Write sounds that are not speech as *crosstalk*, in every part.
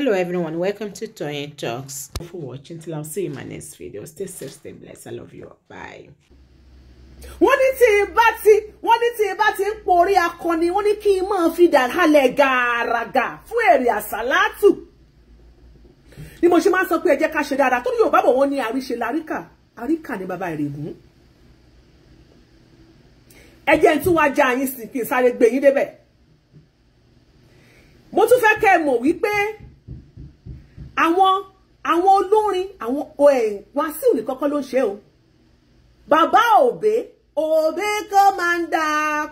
hello everyone welcome to Toyin Talks Thank you for watching till i'll see you in my next video stay safe stay blessed i love you all bye wọ́n ní tí bá ti wọ́n ní tí bá ti ń porí akọni wọ́n ní kí n máa fi dàhálẹ̀ gàràgà fún èrè àsálátù ni mo ṣe máa ń sọ pé ẹ jẹ́ ká ṣe dáadáa torí Yorùbá bọ̀ wọ́n ní àríṣe láríkà àríkà ní bàbá ìrègùn ẹ jẹ́ tún wá já yín sí kí n sáré gbé yín débẹ̀ mo tún fẹ́ kẹ́ ẹ mọ̀ wípé àwọn àwọn olórin àwọn Wàsíù ní kọ́kọ́ ló ń ṣe o bàbá òbé òbé kan máa ń dá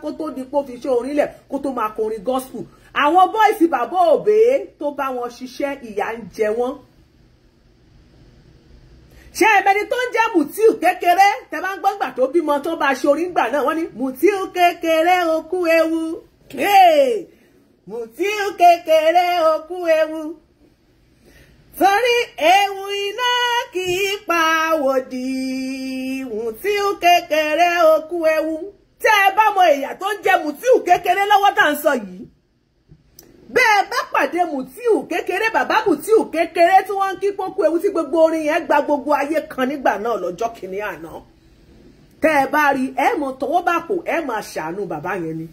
kó tó di pó fi ṣe orin lẹ̀ kó tó máa kọrin gospel àwọn bọ́ìsì bàbá òbé tó bá wọn ṣiṣẹ́ ìyà ń jẹ wọ́n ṣé ẹbẹni tó ń jẹ́ Mutiu kékeré tẹ bá ń gbọ́ gbà tó bímọ tó bá ṣe orin gbà náà wọ́n ní Mutiu kékeré okú ewu Mutiu kékeré okú ewu torí ewu iná kì í pa àwòdì ìwùn tí ó kékeré okú ewu tẹ́ ẹ bá mọ ìyà tó ń jẹ mùtíù kékeré lọ́wọ́ tá à ń sọ yìí bẹ́ẹ̀ bá pàdé mùtíù kékeré bàbá mùtíù kékeré tí wọ́n ń kí pókú ewu tí gbogbo orin yẹn gba gbogbo ayé kan nígbà náà lọ́jọ́ kìíní àná tẹ́ ẹ bá rí ẹ mọ tọwọ́ bá kò ẹ máa ṣàánú bàbá yẹn ni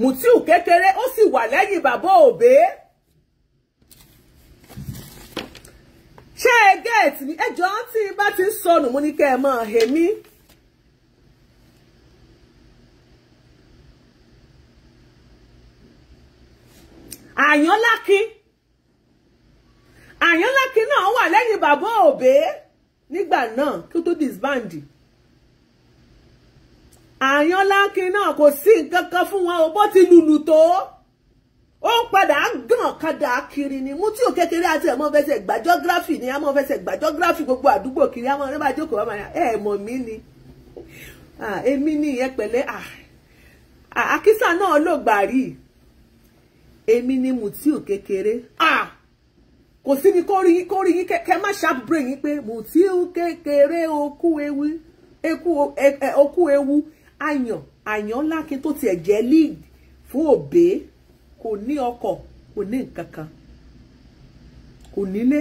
mùtíù kékeré ó sì wà lẹ́yìn bàbá òbí ṣé ẹ gẹ́ẹ̀tì mi ẹjọ́ tí bá ti ń sọnù mo ní kẹ́ ẹ máa hè mí. àyánlákin àyánlákin náà wà lẹ́yìn bàbá òbé nígbà náà kí ó tó disband àyánlákin náà kò sí nǹkan kan fún wọn o bó ti lùlù tó. o ń padà gàn kadà kiri ni mú tí ò kékeré àti ẹ̀mọ́ fẹsẹ̀ gbà ni ẹ̀mọ́ fẹsẹ̀ gbà gbogbo àdúgbò kiri ẹ̀mọ́ rẹ́ bá jókòó wá máa ẹ̀ mọ̀ mí ni èmi ni ìyẹn pẹ̀lẹ́ àkísà náà ló gbà èmi ni Mutiu kékeré kò sí ni kó rí yín kẹ má sharp brain yín pé Mutiu kékeré okú ewu e, e, okú ewu ayàn ayàn ńlá tó tiẹ̀ jẹ́ fún kò ní ọkọ̀ kò ní nǹkan kan kò nílé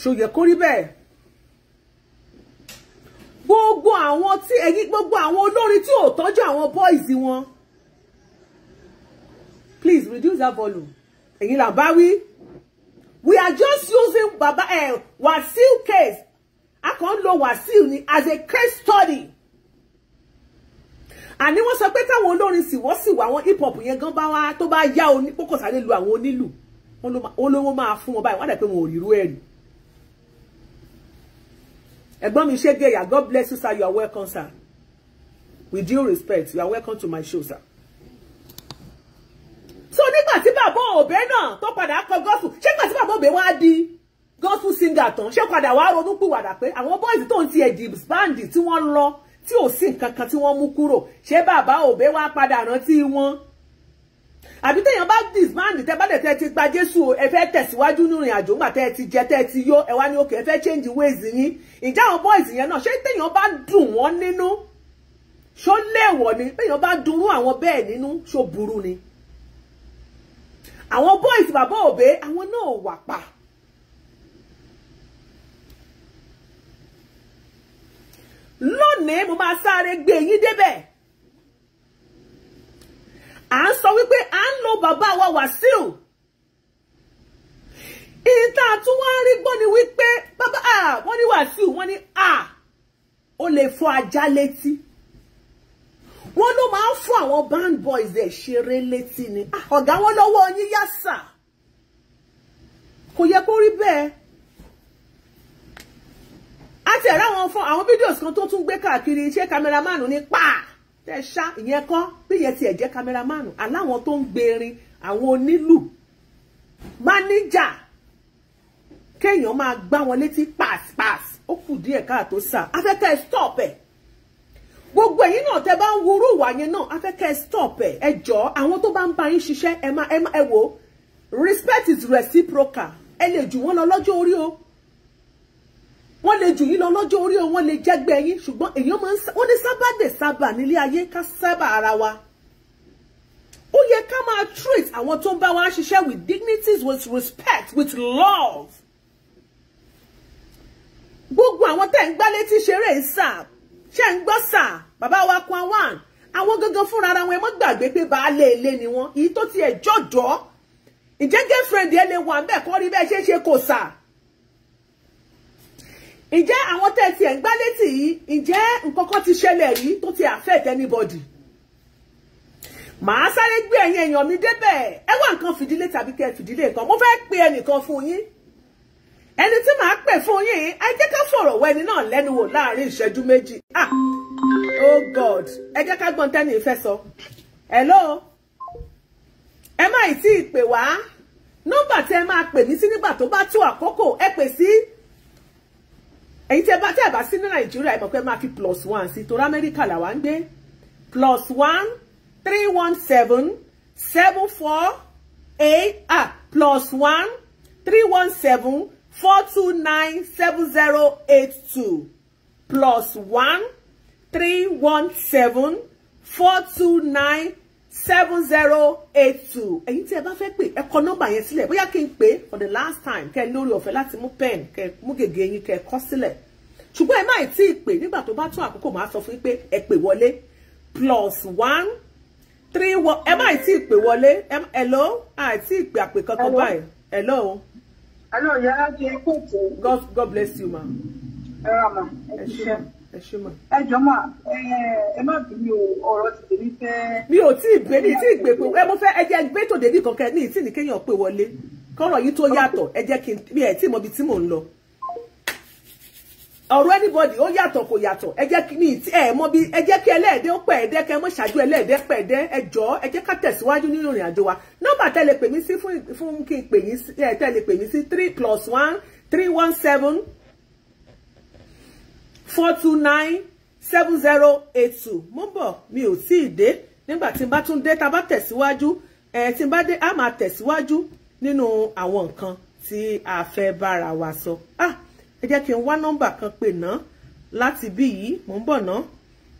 ṣòyẹ kó rí bẹ́ẹ̀ gbogbo àwọn tí ẹ̀yin gbogbo àwọn olórin tí ò tọ́jú àwọn boys wọn please reduce that volume ẹ̀yin là ń bá wí we are just using baba eh, wasil case a kàn ń lo Wasiu ni as a case study àní wọ́n sọ pé táwọn olórin sì wọ́n sì wà àwọn hip hop yẹn gan bá wá tó bá yá oní kókò sáré lu àwọn onílù olówó máa fún wọn báyìí wọ́n dẹ̀ pé wọn ò rírú ẹ̀rù. ẹ̀gbọ́n mi ṣe gẹ̀yà God bless you sir you are welcome sir with due respect you are welcome to my show sir. so nígbà tí bàbá òbẹ náà tó padà kọ gọ́fù ṣé nígbà tí bàbá òbẹ wá di gọ́fù singer tán ṣé padà wá ronú pìwàdà pé àwọn bọ́ìsì tó ń ti ẹ̀dì báǹdì tí wọ́n lọ tí ò sí nǹkan kan tí wọ́n mú kúrò ṣé bàbá òbé wá padà rántí wọn àbí téèyàn bá disband tẹ bá dẹ̀ tẹ́ ti gba jésù o ẹ fẹ́ tẹ̀síwájú nínú ìrìn àjò ti jẹ tẹ́ ti yó ẹ wá ní òkè ẹ fẹ́ change ways yín ìjà àwọn boys yẹn náà ṣé téèyàn bá dùn wọ́n nínú ṣó léèwọ̀ ni téèyàn bá dunrú àwọn bẹ́ẹ̀ nínú ṣó burú ni àwọn boys bàbá òbé àwọn náà wà pa lónìí mo máa sáré gbé yín débẹ̀ à ń sọ wípé à ń lo bàbá wa Wàsíù ìta tí wọ́n rí gbọ́ ni wípé bàbá wọ́n ní Wàsíù wọ́n ní à ó lè fọ ajá létí wọ́n ló máa ń fún àwọn band boys ẹ̀ ṣeré létí ni ọ̀gá wọn lọ́wọ́ yín yá sà kò yẹ kó rí bẹ́ẹ̀ àti ẹ̀rọ àwọn fún àwọn fídíòs kan tó tún gbé káàkiri iṣẹ́ kámẹ́rámánù ní pa tẹ́ ṣá ìyẹn kọ́ bí ìyẹn tiẹ̀ jẹ́ kámẹ́rámánù aláwọn tó ń gbèrin àwọn onílù máníjà kéèyàn máa gbá wọn létí pass pass ó kù díẹ̀ káàtó sá afẹ́kẹ́ stop ẹ̀ gbogbo ẹ̀yin náà tẹ́ bá ń wúrú ìwà yẹn náà afẹ́kẹ́ stop ẹ̀ ẹ jọ àwọn tó bá ń bá yín ṣiṣẹ́ ẹ má ẹ má ẹ wò respect is reciprocal ẹ lè jù wọ́n lọ lọ́jọ́ orí o wọ́n lè jù yín lọ lọ́jọ́ orí o wọ́n lè jẹ́gbẹ́ yín ṣùgbọ́n èèyàn máa ń sá wọ́n ní sábà dé sábà nílé ayé ká sábà ara wa ó yẹ ká máa treat àwọn tó ń bá wa ṣiṣẹ́ with dignities with respect with love gbogbo àwọn tẹ́ ń gbá létí ṣeré sà ṣe ń gbọ́ sà bàbá wa kan one àwọn gangan fúnra ara wọn ẹ mọ́ gbàgbé pé baálé ilé ni wọ́n èyí tó tiẹ̀ jọ̀dọ̀ ǹjẹ́ girlfriend ẹ lè wà ń bẹ̀ kọ́ rí bẹ́ẹ̀ ṣe é ṣe kò sà ǹjẹ́ àwọn tẹ́tí ẹ̀ ń gbá létí yìí ǹjẹ́ nǹkan kan ti ṣẹlẹ̀ rí tó ti affect anybody màá sáré gbé ẹ̀yin èèyàn mi débẹ̀ ẹ wá nǹkan fìdílé tàbí kẹ́ fìdílé nǹkan mo fẹ́ pe ẹnìkan fún yín ẹni tí màá pè fún yín ẹ jẹ́ ká fọ̀rọ̀ wọ náà lẹ́nu wò láàrin ìṣẹ́jú méjì ah oh god ẹ jẹ́ ká gbọ́n tẹ́ni ìfẹ́ sọ hello ẹ má ì tí ì pè wá nọ́mbà tí ẹ máa pè mí sí nígbà tó bá tó àkókò ẹ pè sí ẹ̀yin tẹ́ bá tẹ́ bá sí ní nàìjíríà ẹ mọ̀ pé máa fi plus one sí torí amẹ́ríkà làwa ń gbé plus one three one seven seven four eight ah plus one three one seven four two nine seven zero eight two plus one three one seven four two nine seven zero eight two ẹ̀yin tí ẹ bá fẹ́ pè ẹ kọ nọ́mbà yẹn sílẹ̀ bóyá kí n pè é for the last time kẹ́ ẹ lórí ọ̀fẹ́ láti mú pen kẹ́ ẹ mú gègé yín kẹ́ ẹ kọ sílẹ̀ ṣùgbọ́n ẹ má ì tí ì pè nígbà tó bá tó àkókò máa sọ fún yín pé ẹ pè wọlé plus one three one ẹ má ì tí ì pè wọlé hello àì tí ì pè àpè kankan báyìí hello. hello yàrá ti kú. God bless you ma. ẹ rà mà ẹ ti ṣe ẹ jọ mà ẹ má bínú ọ̀rọ̀ ti tèmi fẹ́. mi ò tí ì gbé ní tí ì gbé pé ẹ mo fẹ́ ẹ jẹ́ gbé tòde ní kankan ní ìtì ní kéèyàn pé wọlé kọ́rọ̀ yìí tó yàtọ̀ ẹ jẹ́ kí n mi ẹ̀ tí mo bi tí mò ń lọ ọ̀rọ̀ anybody ó yàtọ̀ kò yàtọ̀ ẹ jẹ́ kí ní ìtì ẹ mọ bí ẹ jẹ́ kí ẹlẹ́ẹ̀dẹ́ ó pẹ̀ ẹ̀dẹ́ kẹ́ mọ́ ṣáájú ẹlẹ́ẹ̀dẹ́ pẹ̀ ẹ̀dẹ́ ẹ jọ ká tẹ̀síwájú nínú ìrìn àjò wa nọ́mbà tẹ́lẹ̀ pè mí sí fún kí n pè yín tẹ́lẹ̀ pè mí sí three plus one three one seven four two nine seven zero eight two mo ń bọ̀ mi ò tí ì dé nígbà tí n bá tún dé tá a bá tẹ̀síwájú ẹ̀ tí n bá dé a máa tẹ̀síwájú nínú àwọn nǹkan tí a fẹ́ bára wa sọ ah ẹ jẹ́ kí n wá nọ́mbà kan pè ná láti bí yìí mo ń bọ̀ ná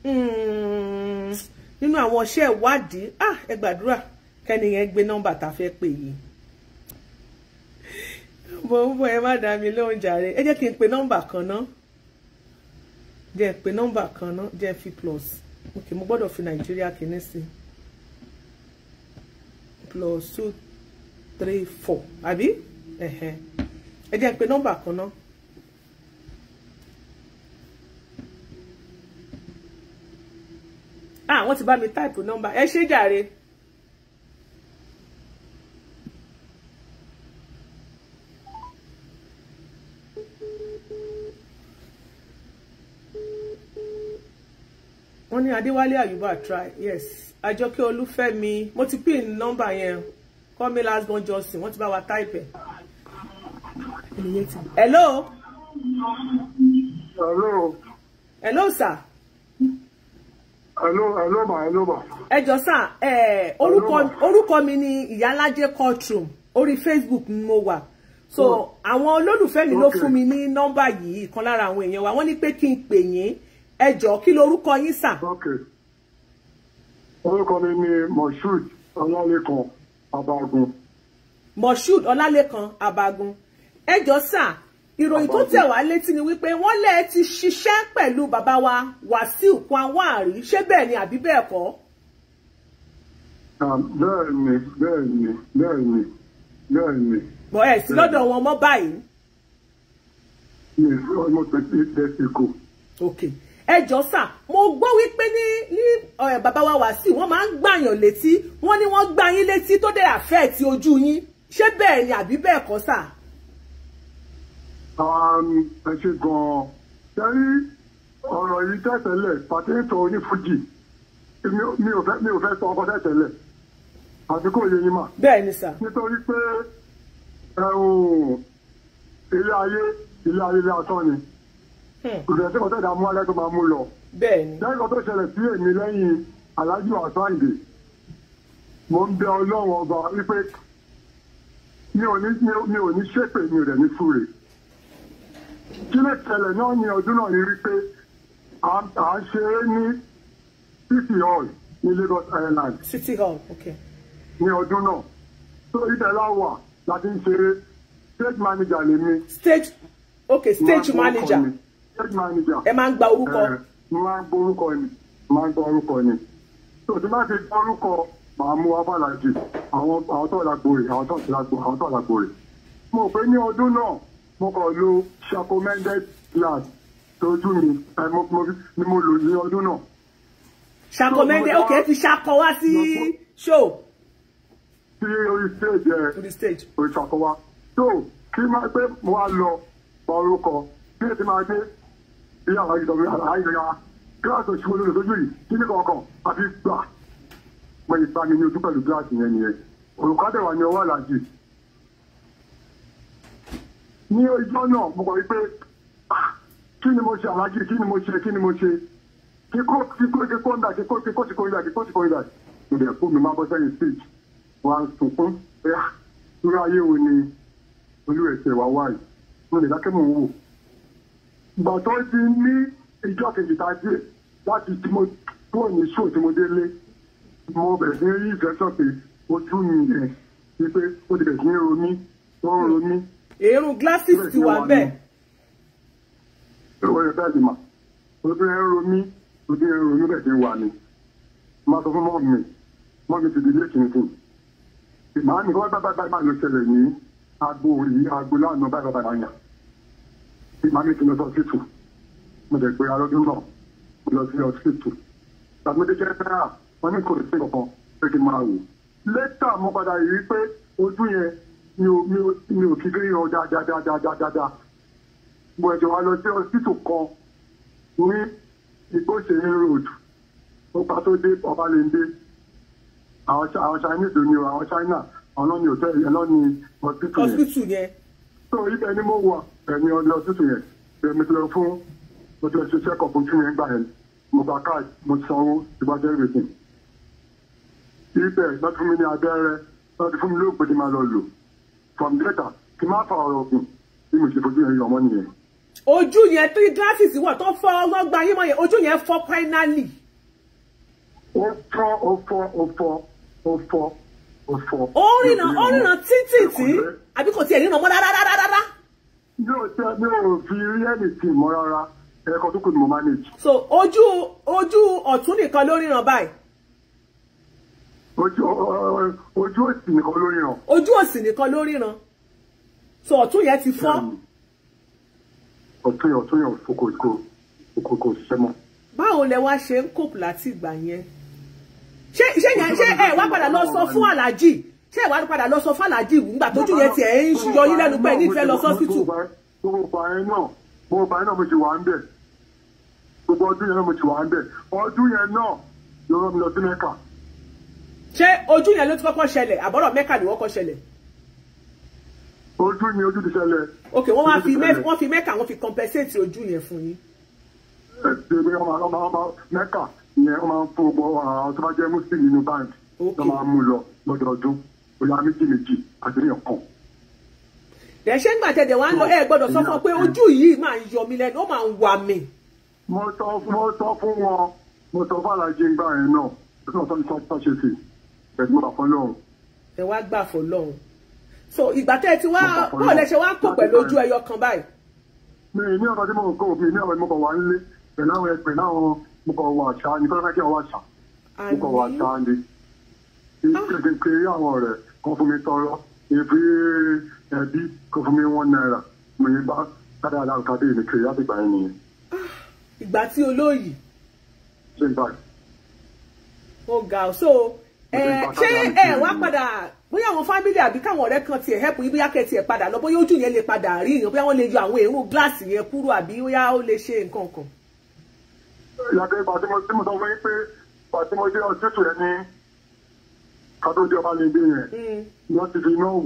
hmm, nínú àwọn iṣẹ́ ìwádìí ah ẹ gbàdúrà kẹ́ni yẹn gbé nọ́mbà tá a fẹ́ pè yìí mo ń bọ̀ ẹ má dá mi lóhùn jàre ẹ jẹ́ kí n pe nọ́mbà kan ná jẹ́ pé number, kan náà jẹ́ fi plus Okay, mo gbọ́dọ̀ fi nàìjíríà kìíní sí plus two three four àbí ẹ̀hẹ̀n ẹ jẹ́ pé number, kan náà. ah wọ́n ti bá mi táìpù number. ẹ ṣé jàre. wọ́n ní adéwálé àyùbá try yes àjọkẹ́ olúfẹ́mi mo ti pín nọ́mbà yẹn call me last born johnson wọ́n ti bá wa táìpẹ̀. hello. hello. hello sir. hello hello ma hello ma. ẹ jọ sà orúkọ mi ni ìyálájẹ courtroom orí facebook ni mo wà so oh. àwọn olólùfẹ́ mi ló fún mi ní nọ́mbà yìí ìkan lára àwọn èèyàn wa wọ́n ní pé kí n pè yín ẹ jọ̀ọ́ kí lorúkọ yín sà. ok orúkọ mi ni moshood ọlálẹ́kan abagun. moshood ọlálẹ́kan abagun ẹ jọ̀ọ́ sà ìròyìn tó tẹ̀ wá létí ni wípé wọ́n lẹ́ẹ̀ ti ṣiṣẹ́ pẹ̀lú bàbá wa wàsíù Kwanwari ṣé bẹ́ẹ̀ ni àbí bẹ́ẹ̀ kọ́. bẹ́ẹ̀ ni bẹ́ẹ̀ ni bẹ́ẹ̀ ni bẹ́ẹ̀ ni. bọ̀ ẹ̀ sí lọ́dọ̀ wọn mọ́ báyìí. mi ò mọ̀ pé tẹ́sí kò. okay ẹjọ́ sà mo gbọ́ wípé ní ní bàbá wa Wasiu wọ́n máa ń gbàyàn létí wọ́n ní wọ́n gbá yín létí tó dẹ̀ àfẹ́ẹ̀tì ojú yín ṣé bẹ́ẹ̀ ni àbí bẹ́ẹ̀ kọ́ sà. Um, ẹ ṣe gan-an sẹ́rí ọ̀rọ̀ yìí tẹ̀tẹ̀lẹ̀ pàtẹ́tọ̀ onífújì mi ò fẹ́ mi ò fẹ́ sọ ọkọ tẹ̀tẹ̀lẹ̀ àti kò yẹ yín mà. bẹ́ẹ̀ ni sà. nítorí pé ilé ayé ilé ayé lásán ni kò tẹ̀ sí kọ́tẹ́ ìdààmú alẹ́ tó máa mú lọ. bẹ́ẹ̀ni. lẹ́yìn kan tó ṣẹlẹ̀ sí èmi lẹ́yìn alájú àsáǹdè mo ń bẹ ọlọ́run ọba wípé mi ò ní mi ò ní ṣépè mi rẹ̀ ní fúre. kí lè ṣẹlẹ̀ náà ní ọdún náà ní wípé à ń ṣe é ní city hall ní Lagos Island. city hall ok. ní ọdún náà tó ibẹ̀ láwà láti ń ṣeré stage manager lèmi. stage ok stage manager state manager. ẹ máa ń gba orúkọ. mo máa ń gbọ́ orúkọ ni mo máa ń gbọ́ orúkọ ni tó tí má ti gbọ́ orúkọ màá mú abálàjì àwọn àwọn tó làgbo rè àwọn tó làgbo àwọn tó làgbo rè. mo pé ní ọdún náà mo kàn lo shakomended glass lójú mi ni mo lò ní ọdún náà. shakomended ok ti ṣakọ wá sí show sí orí stage ẹ orí stage orí ṣàkọwá tó kí n máa gbé mo wá lọ orúkọ bí èsì máa dé ìyáwó ayé sọ̀rọ̀ àlàyé yẹn yára gíláàsì òṣùwọ̀n lórí lójú yìí kí ní kọ̀ọ̀kan àbí gbà pé ìbámi ní ojú pẹ̀lú gíláàsì yẹn nìyẹn òrùka dẹ̀ wà ní ọwọ́ àlàjì. ní ìjọ náà mo kọ̀ wípé kí ni mo ṣe àlàjì kí ni mo ṣe kí ni mo ṣe kíkó kíkó kíkó ń dà kíkó kíkó kíkó ń dà kíkó kíkó ń dà ìdẹ̀ fún mi máa bọ́ sẹ́yìn stage wa sunkún ẹ̀ lórí ayé wo ni olú ẹ̀sẹ̀ wa wáyé mo lè dákẹ́ mò ń wò gbọ̀tọ́ ti ní ìjọ kejì tá a díẹ̀ láti tí mo kúrò ní sùn tí mo délé mo bẹ̀rẹ̀ sí rí ìfẹ́ sọ pé ojú mi yẹn ni pé ó ti bẹ̀rẹ̀ sí ní ronú ó ń ronú. èrún glasses ti wà bẹ́ẹ̀. ìwọ yẹn bẹ́ẹ̀ ni mà ojú yẹn ń ronú ojú yẹn ń ronú bẹ́ẹ̀ ti wà ni máa sọ fún mọ́ọ̀mì mọ́ọ̀mì ti di ilé kìnnìkìn ìmáàmì kọ́ bá bá bá máa lọ ṣẹlẹ̀ ní agbo yìí agbo láàánú bá bá bá yàn tí màmí ti lọ sí ọsítù mo dẹ̀ pé alọ́dún náà mo lọ sí ọsítù tàbídéjẹ́ náà wọ́n ní kò sí kankan pé kí n máa wò lẹ́tà mo padà rí pé ojú yẹn mi ò kí fi hàn dáadáadáadáa mo ẹ̀jọ̀ wa lọ sí ọsítù kan ní ìgbóṣèlú road ọba tó dé ọba lè dé àwọn chinese ló ní o àwọn china àwọn náà ní hòtẹ́ẹ̀lì ẹ̀ lọ́ọ́ ní hospital yẹn so ibẹ̀ ni mo wà ẹ̀yìn ọlọ tuntun yẹn èmi ti lọ fún mo ti lọ ṣe check up ojú yẹn gbà yẹn mo gba card mo sanwó ìbájẹ́ everything ibẹ̀ láti fún mi ní abẹ́rẹ́ láti fún mi ní òpè tí máa lọ lò from later kí n má fa ọ̀rọ̀ ọ̀gùn bí mo ṣe fojú yẹn yọmọ nìyẹn. ojú yẹn tí glasses wà tó fọ ọgbọ́n gba yín mọ́ yẹn ojú yẹn fọ́ finally. ó fọ́ ó fọ́ ó fọ́ ó fọ́ ó fọ́. ó rìnà ó rìnà títì tí àbí kò tiẹ̀ rìnà mọ́ rárá rárá lóòótọ́ mi ò fi rí ẹ̀nì tì mọ́ rárá ẹ̀kọ́ tó kù ni mo manage. so ojú ojú ọ̀tún nìkan ló ríran báyìí. ojú ojú òsì nìkan ló ríran. ojú òsì nìkan ló ríran so ọ̀tún yẹn ti fọ́. ọ̀tún yẹn ọ̀tún yẹn kò kò kò kò ṣiṣẹ́ mọ́. báwo lẹ wá ṣe ń kóòpù láti ìgbà yẹn ṣé ṣé yẹn ṣé ẹ wá padà lọ sọ fún aláàjì ṣé ìwà ló padà lọ sọ fàlàjì nígbà tójú yẹn tiẹ̀ ń yọ yín lẹ́nu pẹ́ nífẹ̀ẹ́ lọ sọ́sítù. gbogbo ọ̀pá náà gbogbo ọ̀pá náà mo ti wà ń bẹ̀ gbogbo ọdún yẹn náà mo ti wà ń bẹ̀ ọdún yẹn náà yóò rán mi lọ sí mẹ́kà. ṣé ojú yẹn ló ti kọ́kọ́ ṣẹlẹ̀ àbọ̀rọ̀ mẹ́kà ni wọ́n kọ́ ṣẹlẹ̀. ojú ni ojú ti ṣẹlẹ̀. ok wọ́n wá fi mẹ́kà wọ́n fi compensate ojú yẹn fún yín. mẹ́kà yẹn wọ́n máa ń fún gbogbo àwọn tó bá jẹ́ muslim nínú báńkì lọ́ máa mú lọ lọ́dọọdún bóyá méjì méjì àdéhùn kan. ẹ̀ṣẹ́ ń gbàtẹ̀dẹ̀ wá ń lọ ẹ gbọ́dọ̀ sọ fún ọ pé ojú yìí máa ń yọ mi lẹ́nu ó máa ń wà mí. mo sọ fún wọn mo sọ fún alájẹ ńgbà yẹn náà ó sọ fún ìfọwọ́ tó ṣe sí ẹ̀dùn àfọlọ́hún. ẹ wá gbà fọlọ́hún so ìgbà tẹ́ ẹ ti wá bọ́ọ̀lù ẹ̀ṣẹ̀ wá ń kó pẹ̀lú ojú ẹyọ kan báyìí. mi ní ọ̀rọ̀ tí mo kọ́ òfin ní ọ̀rọ̀ kékeré pé àwọn ọ̀rẹ́ kan fún mi tọrọ ebi ẹbí kan fún mi one naira mo yẹ bá kádà aláǹkadé mi kiri láti gbà yín nìyẹn. ìgbà tí olóyè. ṣé ìgbà. ó ga ọ so eh, ṣé ẹ wá padà bóyá àwọn fámílì àbí káwọn ọ̀rẹ́ kan tiẹ̀ hẹ́pù yín bóyá kẹ́tì ẹ̀ padà lọ bóyá ojú yẹn lè padà rí yẹn bóyá wọ́n lè yọ àwọn èrò gíláàsì yẹn kúrò àbí bóyá ó lè ṣe nǹkan kan. ìyàgbẹ́ ìgbà tí mo sọ fún yín pé ìgbà mo dé ọsítù yẹn kádódé ọba lè dé yẹn hmm. wọ́n ti fi iná wò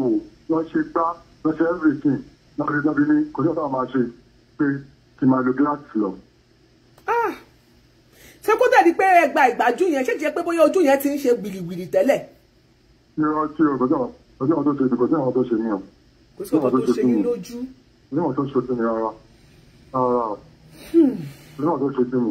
wọ́n ṣe gbá wọ́n ṣe everything lábẹ́ lábẹ́ ní kò sí ọ̀tá máa ṣe pé kí n máa lo gíláàsì lọ. Ah. ṣé kó dàbí pé ẹ gba ìgbájú yẹn ṣé jẹ́ pé bóyá ojú yẹn ti ń ṣe gbìlìgbìlì tẹ́lẹ̀. irọ́ tí o kọjá ọjọ́ àwọn tó ṣe kò sí àwọn tó ṣe mí o. kò sí àwọn tó ṣe mí lójú. níwọ̀n tó ṣe mí rárá rárá níwọ̀n hmm. tó ṣe mí.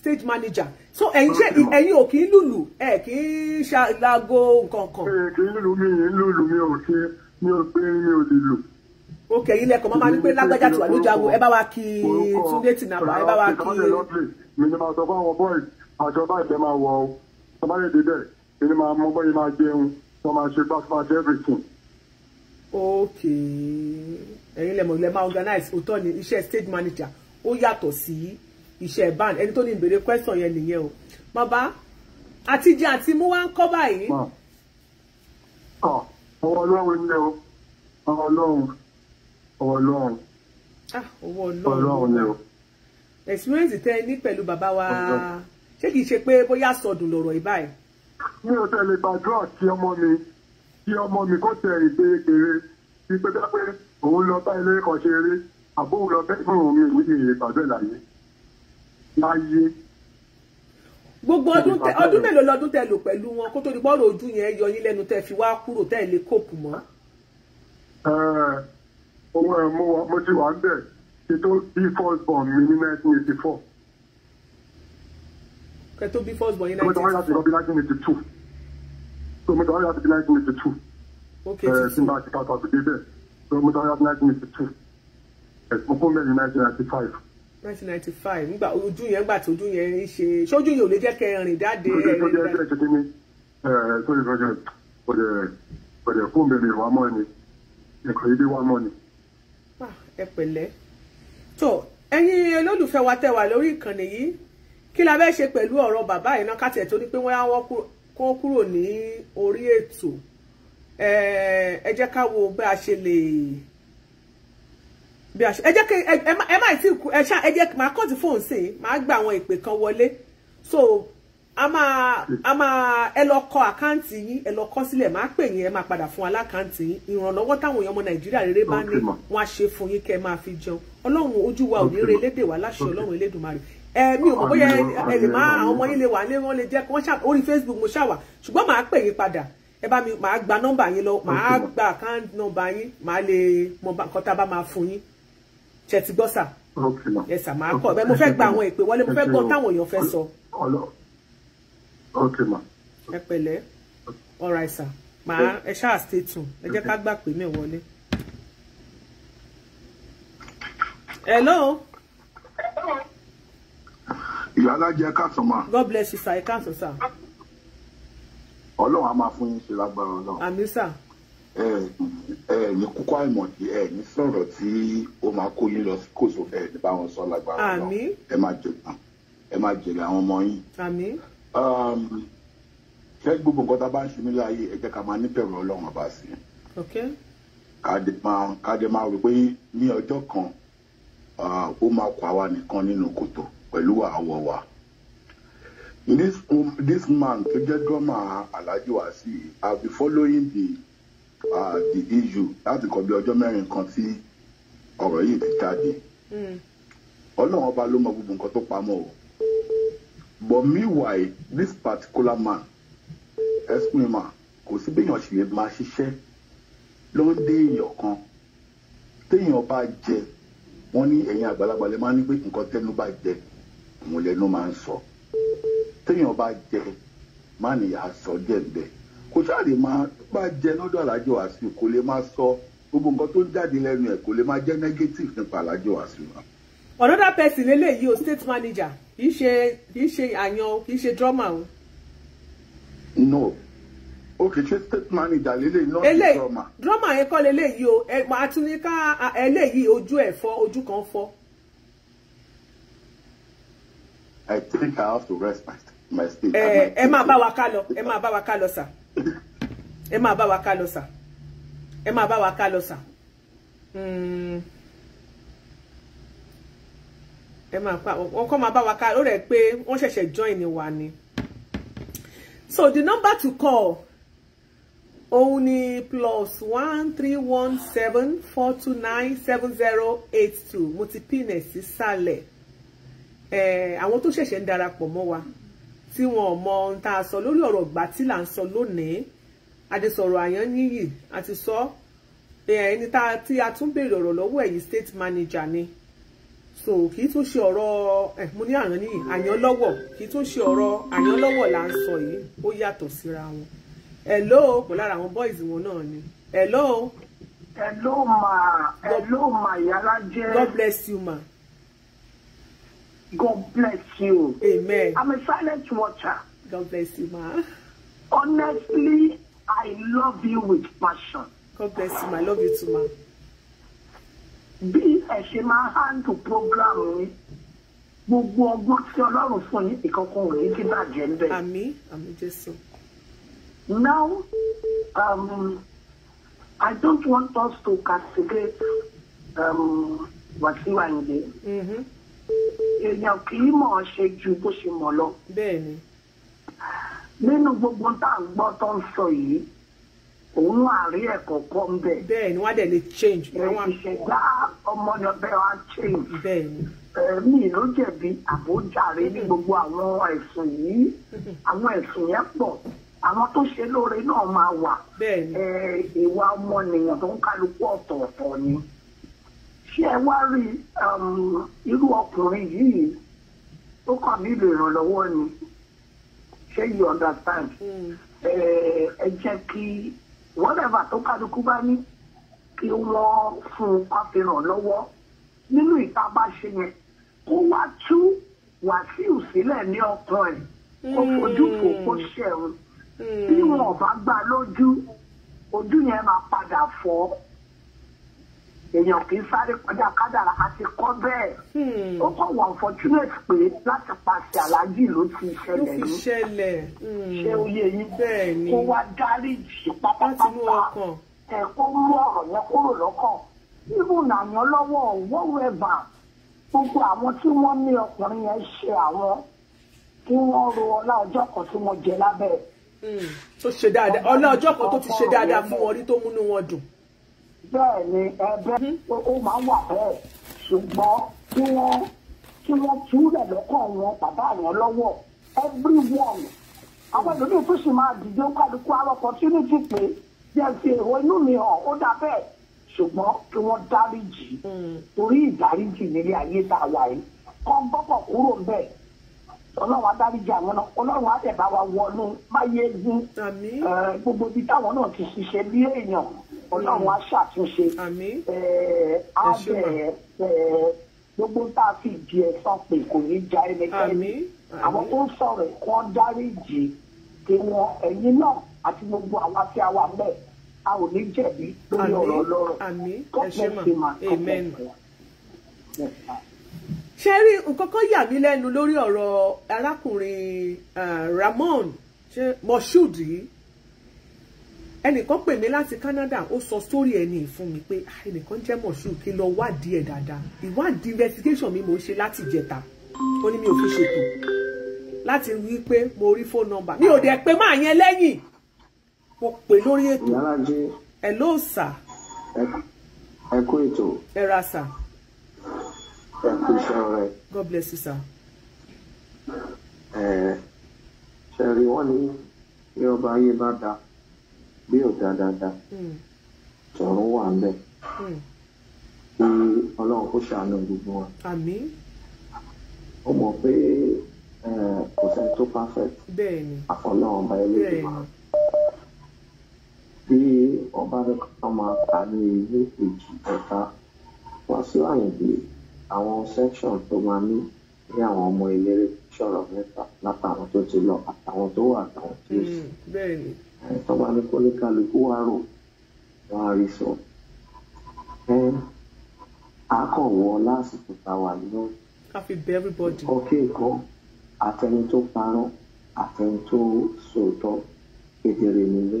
stage manager so ẹ̀yin ṣe ẹ̀yin ò kì í lùlù ẹ̀ kì í ṣàlago nǹkan kan. ẹ kì í lùlù mi lùlù mi ò ṣe mi ò pé mi ò lè lù. ok ilé ẹ̀kọ́ máa ma ní pé lágbájá tí wà ló jago ẹ bá wa kí Túndé Tìnàbà ẹ bá wa kí. mi ni màá sọ fún àwọn bọ́ọ̀lù àjọba ìfẹ́ máa wọ̀ ọ́ sọmáyédè bẹ́ẹ̀ mi ni màá mọ bọ́ọ̀lù máa jẹun wọ́n máa ṣe gbàgbàgbà everything. ok ẹ̀yin lẹ́mọ̀ lẹ́ máa organize òótọ́ ni iṣẹ́ stage manager ó yàtọ̀ sí iṣẹ́ ban ẹni tó ní ìbéèrè question yẹn nìyẹn o bàbá àti jẹ àti mú wá ń kọ́ báyìí. ọwọ́ ọlọ́run ni o ọwọ́ ọlọ́run ah, ọwọ́ ọlọ́run ọwọ́ ọlọ́run ni o. experience tẹ ní pẹ̀lú bàbá wa ṣé kìí ṣe pé bóyá sọdùn lọ̀rọ̀ yìí báyìí. mi ò tẹ̀lé gbàdúrà kí ọmọ mi kí ọmọ mi kó tẹ ìgbé kéré sí pé dápẹ́ òun lọ bá ilé kan ṣe eré àbóhùn lọ bẹ́ẹ̀ fún òun mi ìwé ìrèpàdé láyé láyé. gbogbo ọdún tẹ ọdún mélòó lọdún tẹ lò pẹ̀lú wọn kó tó di bọ́ọ̀rọ̀ ojú yẹn yọ yín lẹ́nu tẹ fi wá kúrò tẹ lè kóòpù mọ́. ohun ẹ̀ mo wà mo ti wà ń bẹ̀ kí tó bí first born mi ní nineteen eighty four. kẹ tó bí first born yín nineteen eighty four. mo tọ́ wáyà ti lọ bí nineteen eighty two. mo tọ́ wáyà ti bí nineteen eighty two. ok ẹ tí n bá ti pàtàkì débẹ̀ mo tọ́ wáyà ti nineteen eighty two. mo kún bẹ́ẹ̀ nineteen ninety five nineteen ninety five nígbà ojú yẹn gbà tójú yẹn ń ṣe sójú yẹn ò lè jẹ́ kẹ́ rìn jáde. sórí sójú ọ̀dẹ̀ ọ̀dẹ̀ fún mi ni wà mọ́ ni ẹ̀kọ́ yìí dé wà mọ́ ni. ẹ pẹ̀lẹ́ tó ẹ̀yin olólùfẹ́ wa tẹ́ wà lórí ìkànnì yìí kí la bẹ́ẹ̀ ṣe pẹ̀lú ọ̀rọ̀ bàbá yìí náà ká tiẹ̀ tó ní pé wọ́n á bí a ṣe ẹ jẹ́ kí ẹ má tí kú ẹ ṣá ẹ jẹ́ máa kọ́ọ̀tì fóònù sí i gba àwọn ìpè kan wọlé so a máa a máa ẹ lọ kọ àkáǹtì yín ẹ lọ kọ sílẹ̀ máa pè yín ẹ máa padà fún alákáǹtì yín ìrànlọ́wọ́ táwọn èèyàn ọmọ nàìjíríà rere bá ní wọn á ṣe fún yín kẹ́ ẹ fi jẹun ọlọ́run ojú wa ò ní re lédè wa láṣẹ ọlọ́run elédùnmarè ẹ mi ò mọ̀ bóyá ẹ lè má àwọn ọmọ yín lè wà lé wọn lè jẹ́ kí wọ́n ṣà orí facebook mo ṣà wà ṣùgbọ́n máa pè yín padà ẹ bá mi ma gba nọ́mbà yín lọ máa gba àkáǹtì nọ́mbà yín ma lè mọ nǹkan tá a bá máa fún yín ṣe ti gbọ́ sà ẹ sà máa kọ̀ bẹ́ẹ̀ mo fẹ́ gba àwọn ìpè wọlé mo fẹ́ gbọ́ táwọn Okay ma. sọ. ẹ pẹ̀lẹ́ ọ̀rọ̀ àìsàn màá ẹ ṣáà stay tune ẹ jẹ́ ká gbà pé mi wọlé. hello. ìyá alájẹ ká sọ ma. god bless you sir ẹ ká sir. ọlọ́run a máa fún yín ṣe lágbára ọlọ́run. àmín sà ẹ ẹ ní kúkú àìmọ̀dí ẹ ní sọ̀rọ̀ tí ó máa kó yín lọ sí kòsò ẹ ní báwọn sọ lágbára lọ ẹ máa jèrè ẹ máa jèrè àwọn ọmọ yín. Um, ṣé gbogbo nǹkan tá a bá ń ṣe nílé ayé ẹ jẹ́ ká máa níbẹ̀rù ọlọ́run ọba sí i. káde máa káde máa rò pé ní ọjọ́ kan ó máa kó àwa nìkan nínú kòtò pẹ̀lú àwọ̀ wa. this, man tó jẹ́ drummer Alhaji Wasiu i be following the Uh, the EU láti kọ́ bí ọjọ́ mẹ́rin kan tí ọ̀rọ̀ yìí ti jáde hmm. ọlọ́run ọba ló mọ gbogbo nǹkan tó pamọ́ o but meanwhile this particular man esprima kò sí béèyàn sì lè máa ṣiṣẹ́ ló ń dé èèyàn kan téèyàn bá jẹ wọ́n ní ẹ̀yin àgbàlagbà lè máa ní pé nǹkan tẹ́nu bá jẹ òun lẹ́nu máa ń sọ téèyàn bá jẹ má nìyà sọ jẹ bẹ́ẹ̀ kò sáà lè máa bá jẹ lọ́dọ̀ alájọ àṣù kò lè máa sọ gbogbo nǹkan tó ń jáde lẹ́nu ẹ̀ kò lè máa jẹ́ negative nípa alájọ àṣù náà. another person lélẹ́yìí o state manager kì í ṣe kì í ṣe àyàn o kì í ṣe drummer o. no okay ṣe state manager lélẹ́yìí náà ṣe Drama drummer yẹn kọ́ lélẹ́yìí o àtúnika ẹlẹ́yìí ojú ẹ̀ fọ́ ojú kan fọ́. I think I have to rest my, my state. Ẹ máa bá wa ká lọ, ẹ máa bá wa ká lọ sir ẹ máa bá wa ká lọ sà ẹ máa bá wa ká lọ sà hmm. ẹ máa pa wọn kọ́ máa bá wa ká ó rẹ̀ pé wọ́n ṣẹ̀ṣẹ̀ join ni wa ni so the number to call òun plus one three one seven four two nine seven zero eight two mo ti pin ẹ̀ sísàlẹ̀ ẹ̀ àwọn tó ṣẹ̀ṣẹ̀ ń darapọ̀ mọ́ wa tí wọn ò mọ ohun tá a sọ lórí ọ̀rọ̀ ìgbà tí là ń sọ lónìí àdìsọ̀rọ̀ Àyànníyì àti sọ ẹni tí a tún béèrè ọ̀rọ̀ lọ́wọ́ ẹ̀yìn state manager ni so kì í tún ṣe ọ̀rọ̀ ẹ̀ mo ní Àyànníyì Àyànlọ́wọ̀ kì í tún ṣe ọ̀rọ̀ Àyànlọ́wọ̀ là ń sọ yìí ó yàtọ̀ síra wọn hello kò lára àwọn boys wọn náà ni hello. hello ma hello ma ìyálà jẹ́. God bless you ma. God bless you. Amen. I'm a silent watcher. God bless you, ma. Honestly, I love you with passion. God bless you, ma. I love you too, ma. Bí ẹ ṣe máa handle program mi, gbogbo ọgbọ́n tí Ọlọ́run fún yín ìkankan ò ní ti bàjẹ́ ń bẹ̀. Àmín, àmín Jésù. Now, um, I don't want us to castigate um, Wasiwa Inde. Mm-hmm èèyàn kì í mọ̀ ọ́ ṣe ju bó ṣe mọ̀ lọ. bẹ́ẹ̀ni. nínú gbogbo tá à ń gbọ́ tó ń sọ yìí òun náà rí ẹ̀kọ́ kọ́ ń bẹ̀. bẹ́ẹ̀ni wọ́n á dẹ̀ lè change. ìṣẹ̀dá ọmọ náà bẹ́ẹ̀ wá change. bẹ́ẹ̀ni mi ló jẹ̀bi àbójáre ní gbogbo àwọn ẹ̀sùn yìí àwọn ẹ̀sùn yẹn pọ̀ àwọn tó ṣe lóore náà máa wà ìwà ọmọnìyàn tó ń kálukú ọ̀tọ̀ọ̀tọ̀ ni ṣé ẹ wá rí um, irú ọkùnrin yìí tó kàn nílò ìrànlọ́wọ́ ni ṣé you understand hmm. ẹ jẹ́ kí whatever tó kálukú bá ní kí wọ́n fún un kó fi ràn lọ́wọ́ nínú ìta bá ṣe yẹn kó wá tú Wàsíù sílẹ̀ ní ọkàn ẹ̀ kó hmm. fojú fò kó ṣẹ̀rù bí hmm. wọn ò bá gbà lójú ojú yẹn máa padà fọ́ ọ́ èèyàn kì í sáré kọjá kádàrá àti kọ́ bẹ́ẹ̀ hmm. ó kọ̀ wà unfortunate pé láti paṣẹ aláàjì ló ti ṣẹlẹ̀ ló ṣe oyè hmm. yín kó wá dáríjì pátápátá ẹ̀ kó rú ọ̀rọ̀ yẹn kúrò lọ́kàn even àwọn lọ́wọ́ wọ́wẹ́bà gbogbo àwọn tí wọ́n ní ọkùnrin yẹn ṣe àwọn tí wọ́n ro ọlá ọjọ́ kan tí wọ́n jẹ lábẹ́ hmm. tó ṣe dáadáa ọlá ọjọ́ kan tó ti ṣe dáadáa fún wọn rí tó múnú wọn dùn bẹ́ẹ̀ ni ẹgbẹ́ mhm. ó máa ń wà bẹ́ẹ̀ ṣùgbọ́n kí wọ́n kí wọ́n túlẹ̀ lọ́kàn wọn bàbá àwọn lọ́wọ́ everyone àwọn ìlú tó sì máa dìde kálukú àwọn opportunity pé jẹ́ fi èrò inú mi hàn ó dà bẹ́ẹ̀ ṣùgbọ́n kí wọ́n dáríjì mm. torí ìdáríjì nílé ayé tá a wà yìí kàn gbọ́pọ̀ kúrò ń bẹ̀ ọlọ́run adáríjì àwọn náà ọlọ́run àtẹ̀bá wa wọnú máyégun gbogbo ibi táwọn náà ti ṣiṣẹ́ bí èèyàn ọlọ́run á ṣàtúnṣe á bẹ̀rẹ̀ gbogbo tá a fi di ẹ̀san pé kò ní ja ẹnikẹ́ni àwọn tó ń sọ̀rọ̀ wọ́n dáríjì kí wọ́n ẹ̀yin náà àti gbogbo àwa tí a wà mẹ́ a ò ní jẹ̀bi lórí ọ̀rọ̀ ọlọ́run kọ́pẹ́sì máa kọ́pẹ́sì ṣe rí nǹkan kan yà mí lẹ́nu lórí ọ̀rọ̀ arákùnrin eh, Ramon Moshood yìí ẹnìkan pè mí láti Canada ó sọ sórí ẹni ìfún mi pé ah, ẹnìkan jẹ́ Moshood kí lọ wádìí ẹ̀ dáadáa ìwádìí investigation mi mò ń ṣe láti ìjẹta ó ní mi ò fi ṣètò láti rí pé mo rí phone number mi ò dẹ̀ pé máa yẹn lẹ́yìn mo pè lórí ètò ẹ̀ ló sà. ẹ kú ètò. ẹ ra sà. ẹ kú iṣẹ́ rẹ. God bless you sir. ẹ ṣe rí wọn ní bí ọba ayé bá dáa gbé ọ̀dà dáadáa hmm. tọ̀run wà ń bẹ̀ hmm. kí ọlọ́run kó ṣàánú gbogbo wa. àmín. ó mọ̀ pé kò sẹ́ni tó perfect àfọlọ́run ọba ẹlẹ́gbẹ̀ẹ́ wa bí ọba rẹ̀ kọ́ máa kà ní ilé èjì ẹ̀ta wá sí àyìnbí àwọn section tó máa ní ní àwọn ọmọ eléré sọ̀rọ̀ mẹ́ta látàwọn tó ti lọ àtàwọn tó wà àtàwọn tó sì. Hmm tọ́ba ní kọ́lékalùkù wá rò wọ́n á rí sọ. akọ̀wọ́ lásìkò táwa náà. káfí bẹ everybody. ọkẹ́ kan àtẹni tó parọ́ àtẹni tó sòótọ́ kedere ní ní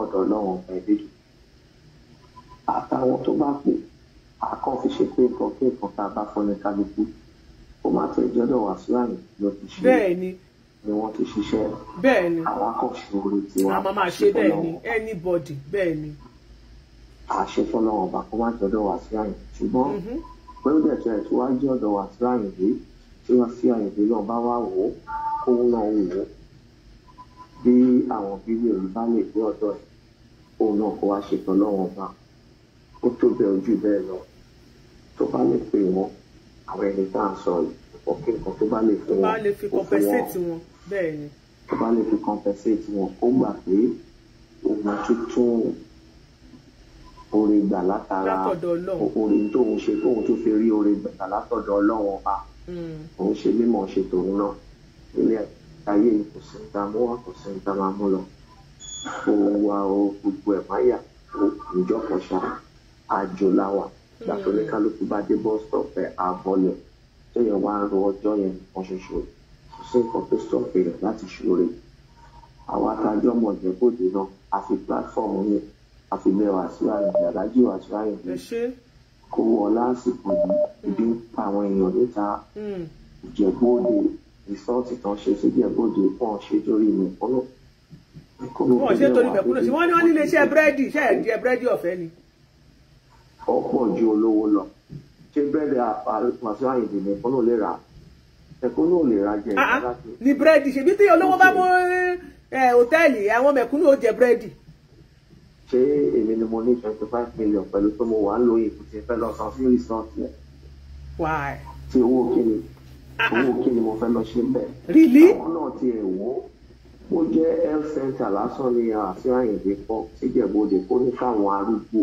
ọ̀dọ̀ lọ́wọ́ ẹbí àtàwọn tó bá pè akọ́ fi ṣe pé nǹkan kí nǹkan tá a bá fọ́ ní kálukú kó má tẹ̀ jọ́dọ̀ wá síwájú ló fi ṣe. bẹ́ẹ̀ ni wọ́n ti ṣiṣẹ́ bẹ́ẹ̀ àwọn akọ̀ṣe orí tiwa a máa ṣe bẹ́ẹ̀ anybody bẹ́ẹ̀ àṣẹ fọlọ ọba kó má jọdọ wá sí àyè ṣùgbọ́n mhm. pé ó dẹ̀tọ̀ ẹ̀ tí wàá jẹ́ ọ̀dọ̀ wá sí àyè yìí tí wọ́n sí àyè yìí náà bá wà wò ó kó ń lọ wò ó bí àwọn bíbí òun bá lè gbé ọ̀dọ̀ ẹ̀ òun náà kó wá ṣètò ọlọ́wọ́n ọba ó tó bẹ ojú bẹ́ẹ̀ lọ tó bá lè pè wọ́n àwọn ẹni tá à sọ yìí ọ̀kẹ́ nǹkan tó bá lè fún wọn ó fún wọn bẹ́ẹ̀ni. tó bá lè fi compensate wọn ó gbà pé òun tuntun oore gbà látara oore tóun ṣe tóun tún fi rí oore gbà látọ̀dọ̀ ọlọ́run ọba hmm. òun ṣe mímọ̀ ṣe tòun náà ilé ayé kò sí ní ta mú wá kò sí ní máa mú lọ òun wa o gbogbo ẹ̀ máyà o ìjọ kan ṣá àjò la wà gbàtọ́ ní hmm. kálukú bá dé bus stop ẹ̀ àbọ̀lẹ̀ tó yẹ wá ń ro ọjọ́ yẹn kan ṣoṣo yìí ṣe nǹkan tó sọ bẹ̀rẹ̀ láti ṣòro àwọn atajọ́ ọmọ ìjẹ́bòde náà a fi pílátífọ́ọ̀mù yẹn a fi lẹ́wà sí àyè àlájì wà sí àyè yẹn kó wọ lásìkò yìí ibi ń mm. pa àwọn èèyàn níta mm. ìjẹ́bòde rìsọ́ọ̀tì tán ṣe sí ìjẹ́bòde wọn ṣe torí mi kúnnù. wọn ṣe torí mi kúnnù sí wọn ní wọn nílé iṣẹ́ búrẹ́dì iṣẹ́ ẹ̀jẹ̀ búrẹ́dì ọ̀fẹ́ ni. ọ̀pọ̀ ju olówó lọ ṣé búrẹ́dì àti màsíwáyé dì ní kúnnù lè rà á mẹ̀kúnnù ò lè rajà ìyá ah, ah. láti. ni búrẹ́dì ṣèbí tí olówó bá mú hòtẹ́ẹ̀lì àwọn mẹ̀kúnnù ò jẹ búrẹ́dì. ṣé èmi ni mo ní twenty five million pẹ̀lú pé mo wà ń lo èkó tí fẹ́ lọ san fún resort yẹn. wáá. ti owó kíni owó kíni mo fẹ́ lọ ṣe bẹ́ẹ̀. rìlí. àwọn náà ti ẹ̀ wò ó ó jẹ́ health center lásán ni àti àyìnbí kan síjẹ̀bọdè kó ní káwọn arúgbó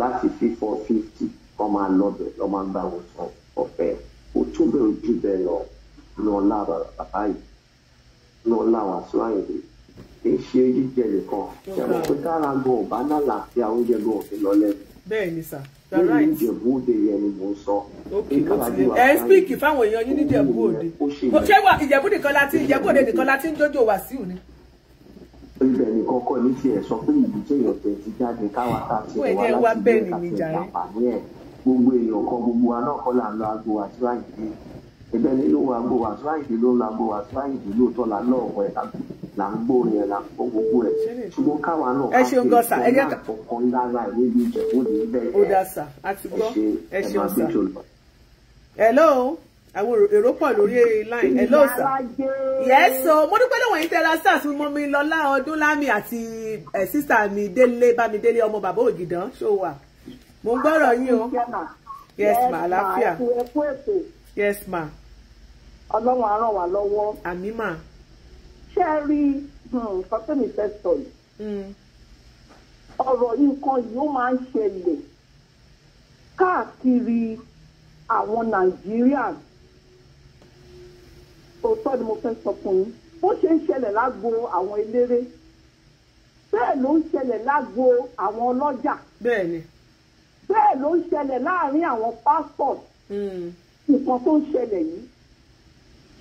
láti fífọ́ fifty kọ́ máa lọ́bẹ̀ lọ́ máa ń gbà wòsàn ọ̀fẹ́ ó tó bẹ̀rù jù bẹ́ẹ̀ lọ ní ọlá bàbá yìí ní ọlá àwọn àṣọ kì í ṣe jíjẹ nìkan ṣẹ̀mọ̀ pé kára gan ọ̀bá náà làáfíà oúnjẹ gan òfin lọ lẹ́nu. sà that's right. ní ìjẹ̀bú òde yẹn ni mò ń sọ. okay ẹ ń spíkì fáwọn èèyàn yín ní ìjẹ̀bú òde ṣé wà ìjẹ̀bú nìkan láti ìjẹ̀bú òde nìkan láti ń jójó wàsíù ni ibẹ̀ nìkan kọ́ ní tiẹ̀ sọ pé ìdíje ìyọ̀tẹ̀ ti jáde káwa ká ti wá láti ilé ìtàkùn ìjàpá ní ẹ̀ gbogbo èèyàn kan gbogbo wa náà kọ́ là ń lo aago Wasiu Ayinde ẹgbẹ́ nílò aago Wasiu Ayinde ló ń lo aago Wasiu Ayinde lóòótọ́ là ń lọ ọ̀pọ̀ ẹ̀ là ń gbó rẹ̀ là ń kó gbogbo ẹ̀ ṣùgbọ́n káwa náà ká ṣe ìṣẹ́ àkọ́kọ́ lára ìwé ìlú ìjẹ̀bú ní bẹ́ẹ̀ ẹ̀ ẹ̀ ṣe ẹ̀ hello àwọn èrò pọ̀ lórí line hello sir yes so mo dúpẹ́ lọ́wọ́ yín tẹ́ra stars mo mi lọ́lá ọdún lámì àti eh, sísà mi délé bámi délé ọmọ bàbá ògìdán ṣó wà mo ń gbọ́rọ̀ yín o yes ma àlàáfíà yes ma ọlọ́run á ràn wá lọ́wọ́ àmì mà ṣé ẹ rí hmm, nǹkan tó ní fẹ́ sọ yìí hmm. ọ̀rọ̀ yìí kan yìí ó máa ń ṣẹlẹ̀ káàkiri àwọn nàìjíríà òótọ́ ni mo fẹ́ sọ fún yín bó ṣe ń ṣẹlẹ̀ lágbo àwọn eléré bẹ́ẹ̀ ló ń ṣẹlẹ̀ lágbo àwọn ọlọ́jà. bẹ́ẹ̀ ni bẹ́ẹ̀ ló ń ṣẹlẹ̀ láàrin àwọn pastors nǹkan hmm. tó ń ṣẹlẹ̀ yìí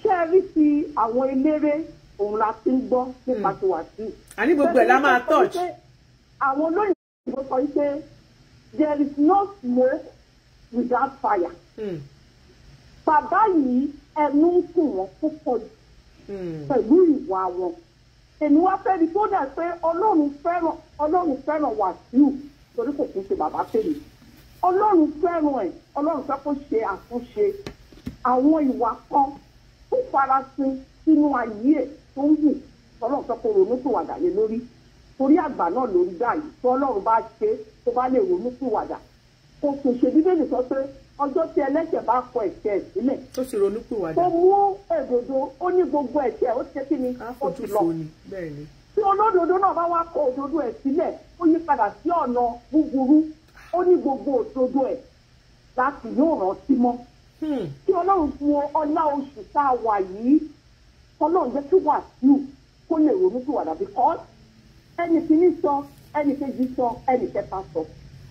ṣé ẹ rí ti àwọn eléré òun la ti ń gbọ́ nípa hmm. ti Wasiu. àní gbogbo ẹ̀ la máa touch. àwọn olóyìnbó sọ pé there is no smoke without fire. Hmm. bàbá yìí ẹnu ń kùn wọ́n púpọ̀ jù pẹ̀lú ìwà wọn èmi wá fẹ́ di kódà pé ọlọ́run fẹ́ràn ọlọ́run fẹ́ràn Wasiu torí kò kí ṣe bàbá fèrè ọlọ́run fẹ́ràn ẹ̀ ọlọ́run fẹ́ kó ṣe àtúnṣe àwọn ìwà kan tó farasin sínú ayé ẹ̀ tó ń wù ọlọ́run fẹ́ kó ronú tó wàdà lé lórí torí àgbà náà lórí báyìí tó ọlọ́run bá ṣe tó bá lè ronú tó wàdà kò sì ṣe bíbélì sọ pé ọjọ́ tí ẹlẹ́ṣẹ̀ bá kọ ẹ̀ṣẹ̀ ẹ̀ sílẹ̀ tó sì ronú pè wàdà tó mú òdodo ó ní gbogbo ẹ̀ṣẹ̀ ó ti ṣe kí ni ó ti lọ tí olódodo náà bá wá kọ òdodo ẹ̀ sílẹ̀ ó yí padà sí ọ̀nà búburú ó ní gbogbo òdodo ẹ̀ láti yóò rántí mọ́ hmm. kí ọlọ́run fún ọ ọlá oṣù tá a wà yìí ọlọ́run jẹ́ kí wàásù kó lè ronú sí wàdà because ẹnì kìíní sọ ẹnì kejì sọ ẹnì kẹta sọ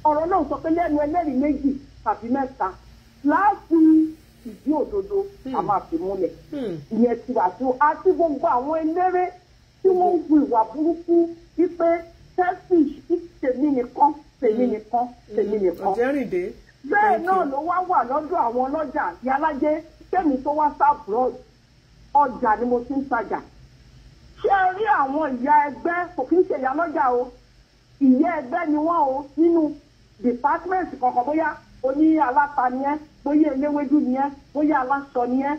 ọ̀rọ̀ náà sọ pé lẹ́nu ẹlẹ́rìí méjì tàbí mẹ́ta láti ìdí òdodo hmm. a máa fi múlẹ̀ hmm. ìyẹn ti wà tó àti gbogbo àwọn eléré tí wọ́n ń hu ìwà burúkú wípé selfish ìtẹ̀mí nìkan tèmi mm-hmm. nìkan tèmi mm-hmm. nìkan. bẹ́ẹ̀ náà ló wá wà lọ́dọ̀ àwọn ọlọ́jà àti alájẹ tèmi tó wá sáàbùrọ̀ ọjà ni mo ti ń tajà. ṣé ẹ rí àwọn ìyá ẹgbẹ́ kò kí ń ṣe ìyá lọ́jà o ìyá ẹgbẹ́ ni wọ́n o nínú department kankan bóyá oní aláta ni ẹ bóyá eléwédú ni ẹ bóyá aláṣọ ni ẹ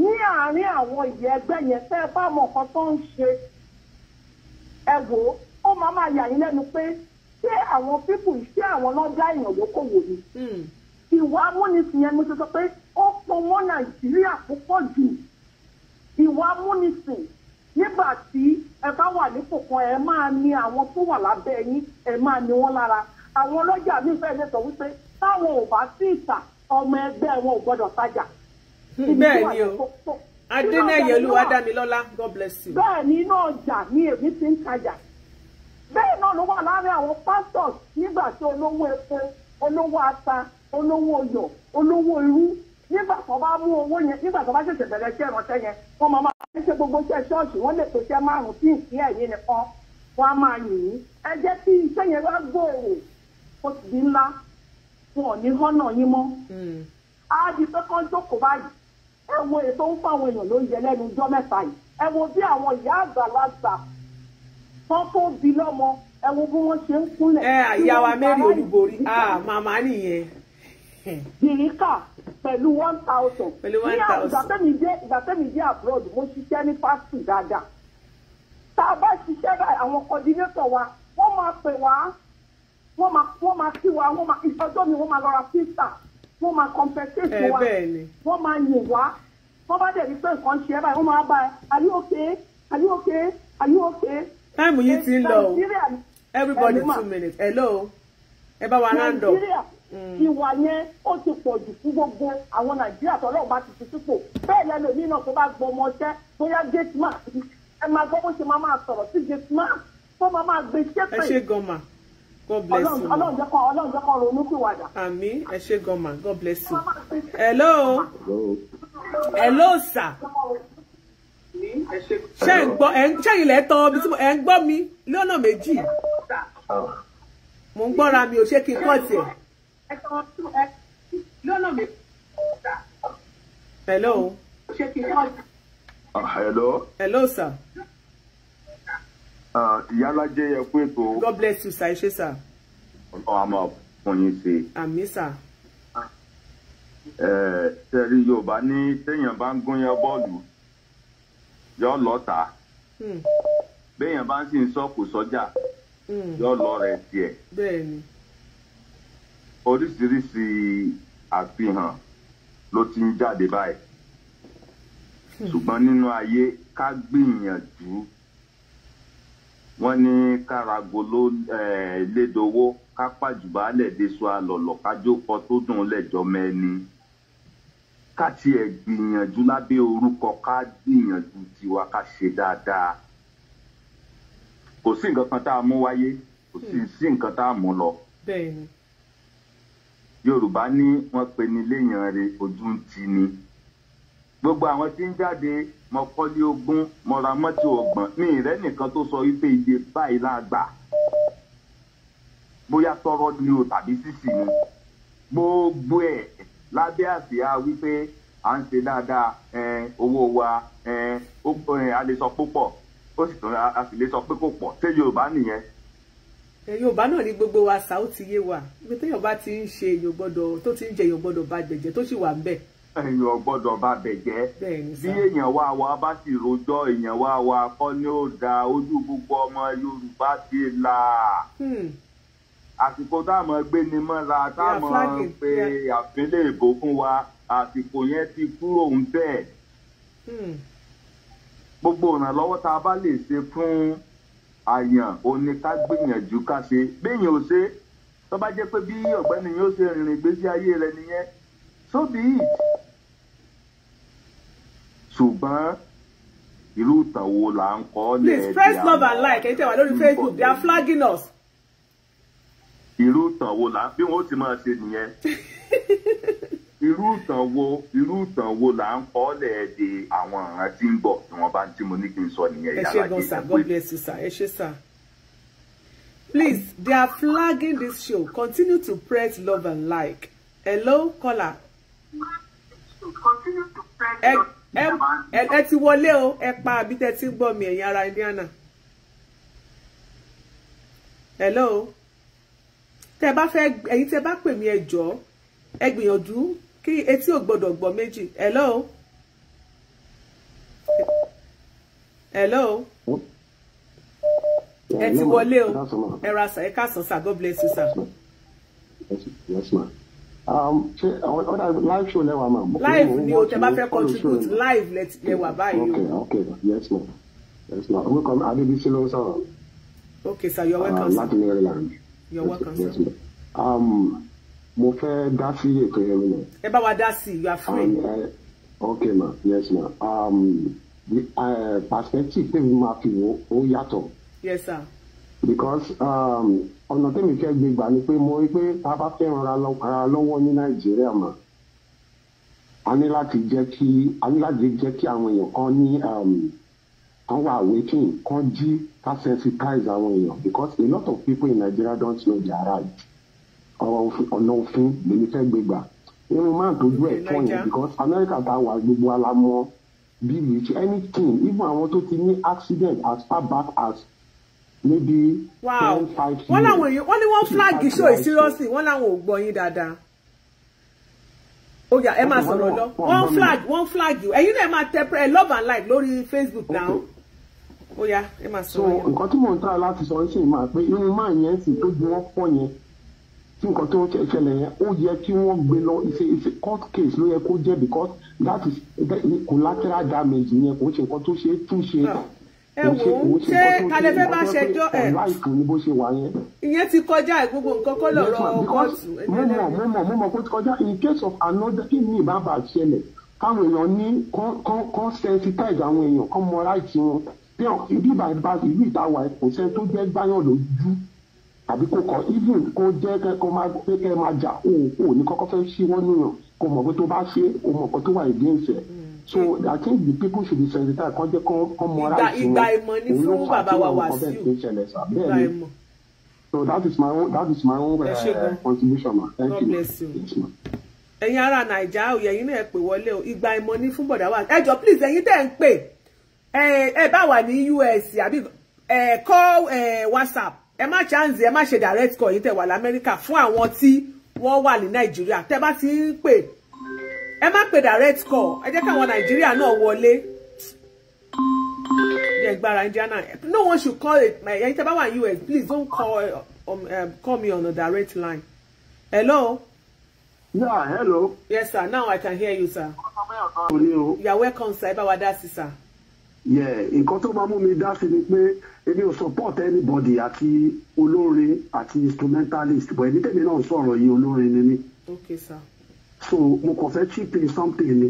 ní àárín àwọn ìyá ẹgbẹ́ yẹn tẹ́ ẹ bá mọ̀ nǹkan tó ń ṣe ẹ wò ó máa máa yà yín lẹ́nu pé ṣé àwọn pípù ṣé àwọn lọ́jà èèyàn lókòwò ni. Hmm. ìwà amúnisìn yẹn mo ti sọ pé ó pọ̀ wọ́n nàìjíríà púpọ̀ jù ìwà amúnisìn nígbà tí ẹ bá wà nípò kan ẹ máa ní àwọn tó wà lábẹ́ yín ẹ máa ní wọ́n lára àwọn ọlọ́jà mi fẹ́ẹ́ lè sọ wípé táwọn ò bá sí ìta ọmọ ẹgbẹ́ wọn ò gbọ́dọ̀ tajà. Hmm, bẹ́ẹ̀ ni o adẹ́nẹ́yẹlú adámilọ́lá god bless you. bẹ́ẹ̀ ni iná ọjà ni èmi ti ń tajà bẹ́ẹ̀ náà ló wà láàrin àwọn pastors nígbà tí olówó epo olówó ata olówó ọyọ̀ olówó irú nígbà tó bá mú owó yẹn nígbà tó bá ṣẹ̀ṣẹ̀ bẹ̀rẹ̀ iṣẹ́ ìránṣẹ́ yẹn wọ́n máa máa ṣe gbogbo iṣẹ́ ṣọ́ọ̀ṣì wọ́n lè tó iṣẹ́ márùn-ún tí ìpín ẹ̀yìn nìkan wọ́n á máa yìn yín ẹ jẹ́ kí iṣẹ́ yẹn wá gbòòrò kó sì di ńlá wọn ò hánà yín mọ́ á hmm. di pé kán jókòó báyìí ẹ wo ètò ń fún àwọn èèyàn lóúnjẹ lẹ́nu ọjọ́ mẹ́ta yìí ẹ wo bí àwọn ìyá àgbàlagbà wọ́n tó bí lọ́mọ ẹ wo bí wọ́n ṣe ń kúnlẹ̀. ẹ àyà wa mary olúborí ah, màmá nìyẹn. bìríkà pẹ̀lú one thousand. pẹ̀lú one thousand. ní ìgbàtẹ́mi dé abroad mo ṣiṣẹ́ ní fásitì dáadáa. tá a bá ṣiṣẹ́ báyìí àwọn coordinator wa wọ́n máa pè wá wọ́n máa wọ́n máa kí wa wọ́n máa ìtọ́jọ́ mi wọ́n máa lọ ra pizza wọ́n máa compensate wa wọ́n máa yìn wá wọ́n bá dẹ̀ rí pé nǹkan ṣe é báyìí wọ́n máa bá ẹ are you okay are you okay are you okay Time yìí ti ń lọ o everybody two minutes hello ẹ bá wa hand up. nàìjíríà ìwà mm. yẹn ó ti pọ̀ jù fún gbogbo àwọn nàìjíríà tọ́lọ́ bá ti fi sípò bẹ́ẹ̀ lẹ́nu mi náà tó bá gbọ́ ọmọ ọṣẹ́ bóyá gate man ẹ máa gbọ́ bó ṣe máa máa sọ̀rọ̀ sí gate man tó máa máa gbé ṣépè. ẹ ṣe gọ́mà god bless you. ọlọ́run jẹ́ kó ọlọ́run jẹ́ kó ronú pìwàdà. àmín ẹ ṣe gọ́mà god bless you. hello hello sir ṣé ń gbọ́ ẹ̀ ń ṣẹ́yìn lẹ́tọ́ ibi tí ẹ̀ ń gbọ́ mi lọ́nà méjì mò ń gbọ́ra mi ò ṣe kí n kọ́ tiẹ̀. hello. Uh, hello. hello sir. Ah, ìyálàjẹ yẹ pé tó. God bless you sir ẹ ṣé sir. ọlọ́run a máa fún yín sí i. àmín sir tẹ̀rí eh, yorùbá ní téèyàn bá ń gúnyán bọ́ọ̀lù yọ lọ tà á hmm. béèyàn bá ń sì ń sọ́ọ̀kù sọ́jà hmm. yọ lọ rẹ̀ tiẹ̀ oríṣiríṣi àfihàn ló ti ń jáde báyìí hmm. ṣùgbọ́n nínú ayé ká gbìyànjú wọ́n ní kárago ló eh, lédowó ká pàjùbálẹ̀ déṣọ alọ̀lọ̀ kájọpọ̀ tó dùn lẹ́jọ́ mẹ́ni. Hmm ká tiẹ̀ gbìyànjú lábẹ́ orúkọ ká gbìyànjú tiwa ká ṣe dáadáa kò sí nǹkan kan tá a mú wáyé kò sí hmm. sí nǹkan tá a mú lọ. yorùbá ní wọ́n pe ní léèyàn rẹ̀ ojú ń ti ni gbogbo àwọn tí ń jáde mo kọ́lé ogún mo ra mọ́tò ní ìrẹ́ nìkan tó sọ wípé iye báyìí lágbà bóyá tọrọ ni o tàbí sísì ni gbogbo ẹ̀ lábẹ́ àsíá wípé à ń ṣe dáadáa eh, owó wa eh, eh, a lè sọ púpọ̀ ó sì tún a sì lè sọ pé kò pọ̀ ṣé yorùbá nìyẹn. yorùbá náà ní gbogbo wa sá ó ti yé wa ibi téèyàn bá ti ń ṣe èèyàn gbọ́dọ̀ tó ti ń jẹ èèyàn gbọ́dọ̀ bá gbẹ̀jẹ̀ tó sì wà ń bẹ̀. èèyàn gbọ́dọ̀ bá bẹ̀jẹ̀ bí èèyàn wá wa bá sì rojọ́ èèyàn wá wa kọ́ ni ó da ojú gbogbo ọmọ yorùbá ti là. Hmm àsìkò táwọn gbé ni mọ́ra táwọn àfínlẹ̀ èbó fún wa àsìkò yẹn ti kúrò ń bẹ́ẹ̀. Hmm. gbogbo ìrànlọ́wọ́ tá a bá lè ṣe fún àyàn òní ká gbìyànjú ká ṣe béèyàn ò ṣe tó bá jẹ́ pé bí ọ̀gbẹ́ni yóò ṣe rìnrìn ìgbésí ayé rẹ nìyẹn so be it. ṣùgbọ́n irú ìtàn wo là ń kọ́ lẹ́ẹ̀dí àwọn. please press love and like ẹ tẹ́ wà lórí facebook they are flagging us irú ìtàn wo là bí wọn ó ti máa ṣe nìyẹn *laughs* irú ìtàn wo irú ìtàn wo là ń kọ́ lẹ̀ de àwọn ọ̀ràn tí ń bọ̀ tí wọ́n bá ń tí mo ní kí n sọ nìyẹn yàrá kí n pé. ẹ ṣé sir. Please, they are flagging this show. Continue to press love and like. Hello, caller. Continue ẹ ti wọlé o ẹ pa àbí tẹ ti ń gbọ́ mi ẹ̀yin ará Indiana. hello tẹ bá fẹ́ ẹ̀yin tẹ bá pè mí ẹ jọ̀ọ́ ẹ gbìyànjú kí etí ò gbọ́dọ̀ gbọ́ méjì hello. hello. ẹ ti wọlé o ẹ ra sà ẹ káàsán sà god bless you sir. yes ma um, ṣe àwọn live show lẹ́wà ma. live ni o tẹ bá fẹ́ contribute live lẹ́wà báyìí o. okay ok yes ma yes ma orúkọ mi adébísí ló ń sọ̀rọ̀. ok sir you welcome uh, sir. láti maryland. You're welcome, yes, sir. Um, mo fẹ́ dá sí ètò ẹ̀rọ náà. Ẹ bá wa dá sí, you are free. Um, eh, okay ma, yes ma. Um, the uh, perspective tèmi máa fi wo ó yàtọ̀. Yes sir. Because um, ọ̀nà tèmi fẹ́ gbé gbà ni pé mo rí pé tá a bá fẹ́ ran ara lọ́wọ́ ní Nàìjíríà ma. a ní láti jẹ́ kí a ní láti jẹ́ kí àwọn èèyàn kan ní um, kan wà waiting kan jí ká sensitize àwọn èèyàn because a lot of people in Nigeria don't know their right ọ̀nà òfin lèmi fẹ́ gbé gbà irun máa dojú ẹ̀ fún yẹn because America ta wà gbogbo alamọ́ bíbí to anything even àwọn tó ti ní accident as far back as maybe ten five years. wọ́n láwọn èèyàn wọ́n ní wọ́n flag show seriously wọ́n láwọn ò gbọ́ yín dáadáa ó yá ẹ máa sọ̀rọ̀ lọ wọ́n flag wọ́n flag you ẹ̀yin náà máa tẹ love and like lórí Facebook now. Okay so nǹkan tí mò ń tà láti sọ ẹ sì máa pé irun máa yẹn sì tó ju wọn pọ̀ yẹn tí nǹkan tó ṣẹlẹ̀ yẹn ó yẹ kí wọ́n gbé lọ ṣe ṣe court case ló yẹ kó jẹ́ because that is collateral damage yẹn kò ṣe nǹkan tó ṣe é túnṣe ah, ẹ wò ó ṣé kalẹ̀ fẹ́ bá ṣẹjọ́ eh, ẹ̀ ìyẹn ti kọjá gbogbo nǹkan kọ́ lọ́rọ̀ kóòtù. mo mọ̀ mo mọ̀ mo mọ̀ kó kọjá in case of another kí ni ìbá bá ṣẹlẹ̀ káwọn èèyàn ní kọ́ sensitize àwọn èèyàn kọ́ mọ ráìtì wọn bí ibi ìbá ìlú ìta wà kò sẹ́ni tó jẹ́ gbáyàn lójú àbí kò kọ́ even kó jẹ́ kẹ́kọ̀ọ́ máa pé kẹ́ máa jà ó ò ní kọ́kọ́ fẹ́ sí wọ́n níyàn kò mọ̀ pé tó bá ṣe ó mọ̀ pé tó wà ìdí so I think the people should be sensitive kan jẹ́ kán mọ́ra ìṣúná òun ló fà tí wọn kọ́ bẹ́ẹ̀ tó ṣẹlẹ̀ sà bẹ́ẹ̀ so that is my own that is my own uh, contribution ma thank you. Bless you. Yes, ma ẹ̀yin ará nàìjà òyẹ̀yìn náà pè wọlé o ìgbà ìmọ̀ ní fún bọ̀dá wa ẹjọ́ please ẹ̀yin tẹ́ ń pè ẹ ẹ bá wà ní US àbí ẹ call ẹ WhatsApp ẹ má chance ẹ má ṣe direct call yìí tẹ́ wà lamẹ́ríkà fún àwọn tí wọ́n wà ní Nigeria? tẹ́ bá ti ń pè ẹ má direct call ẹ jẹ́ káwọn Nigeria, náà wọlé jẹ́ gbára indiana no one should call it my ẹ̀yin tẹ́ bá wà US please don't call um, um, call me on a direct line hello. yeah hello. yes sir now I can hear you sir. you are welcome sir ẹ bá wa dá sir nǹkan tó máa mú mi dá sí ni pé èmi ò support anybody àti olórin àti instrumentalist but ẹni tèmi náà sọ̀rọ̀ yìí olórin ni mí. okay sir. so mo kàn fẹ́ chipping something ni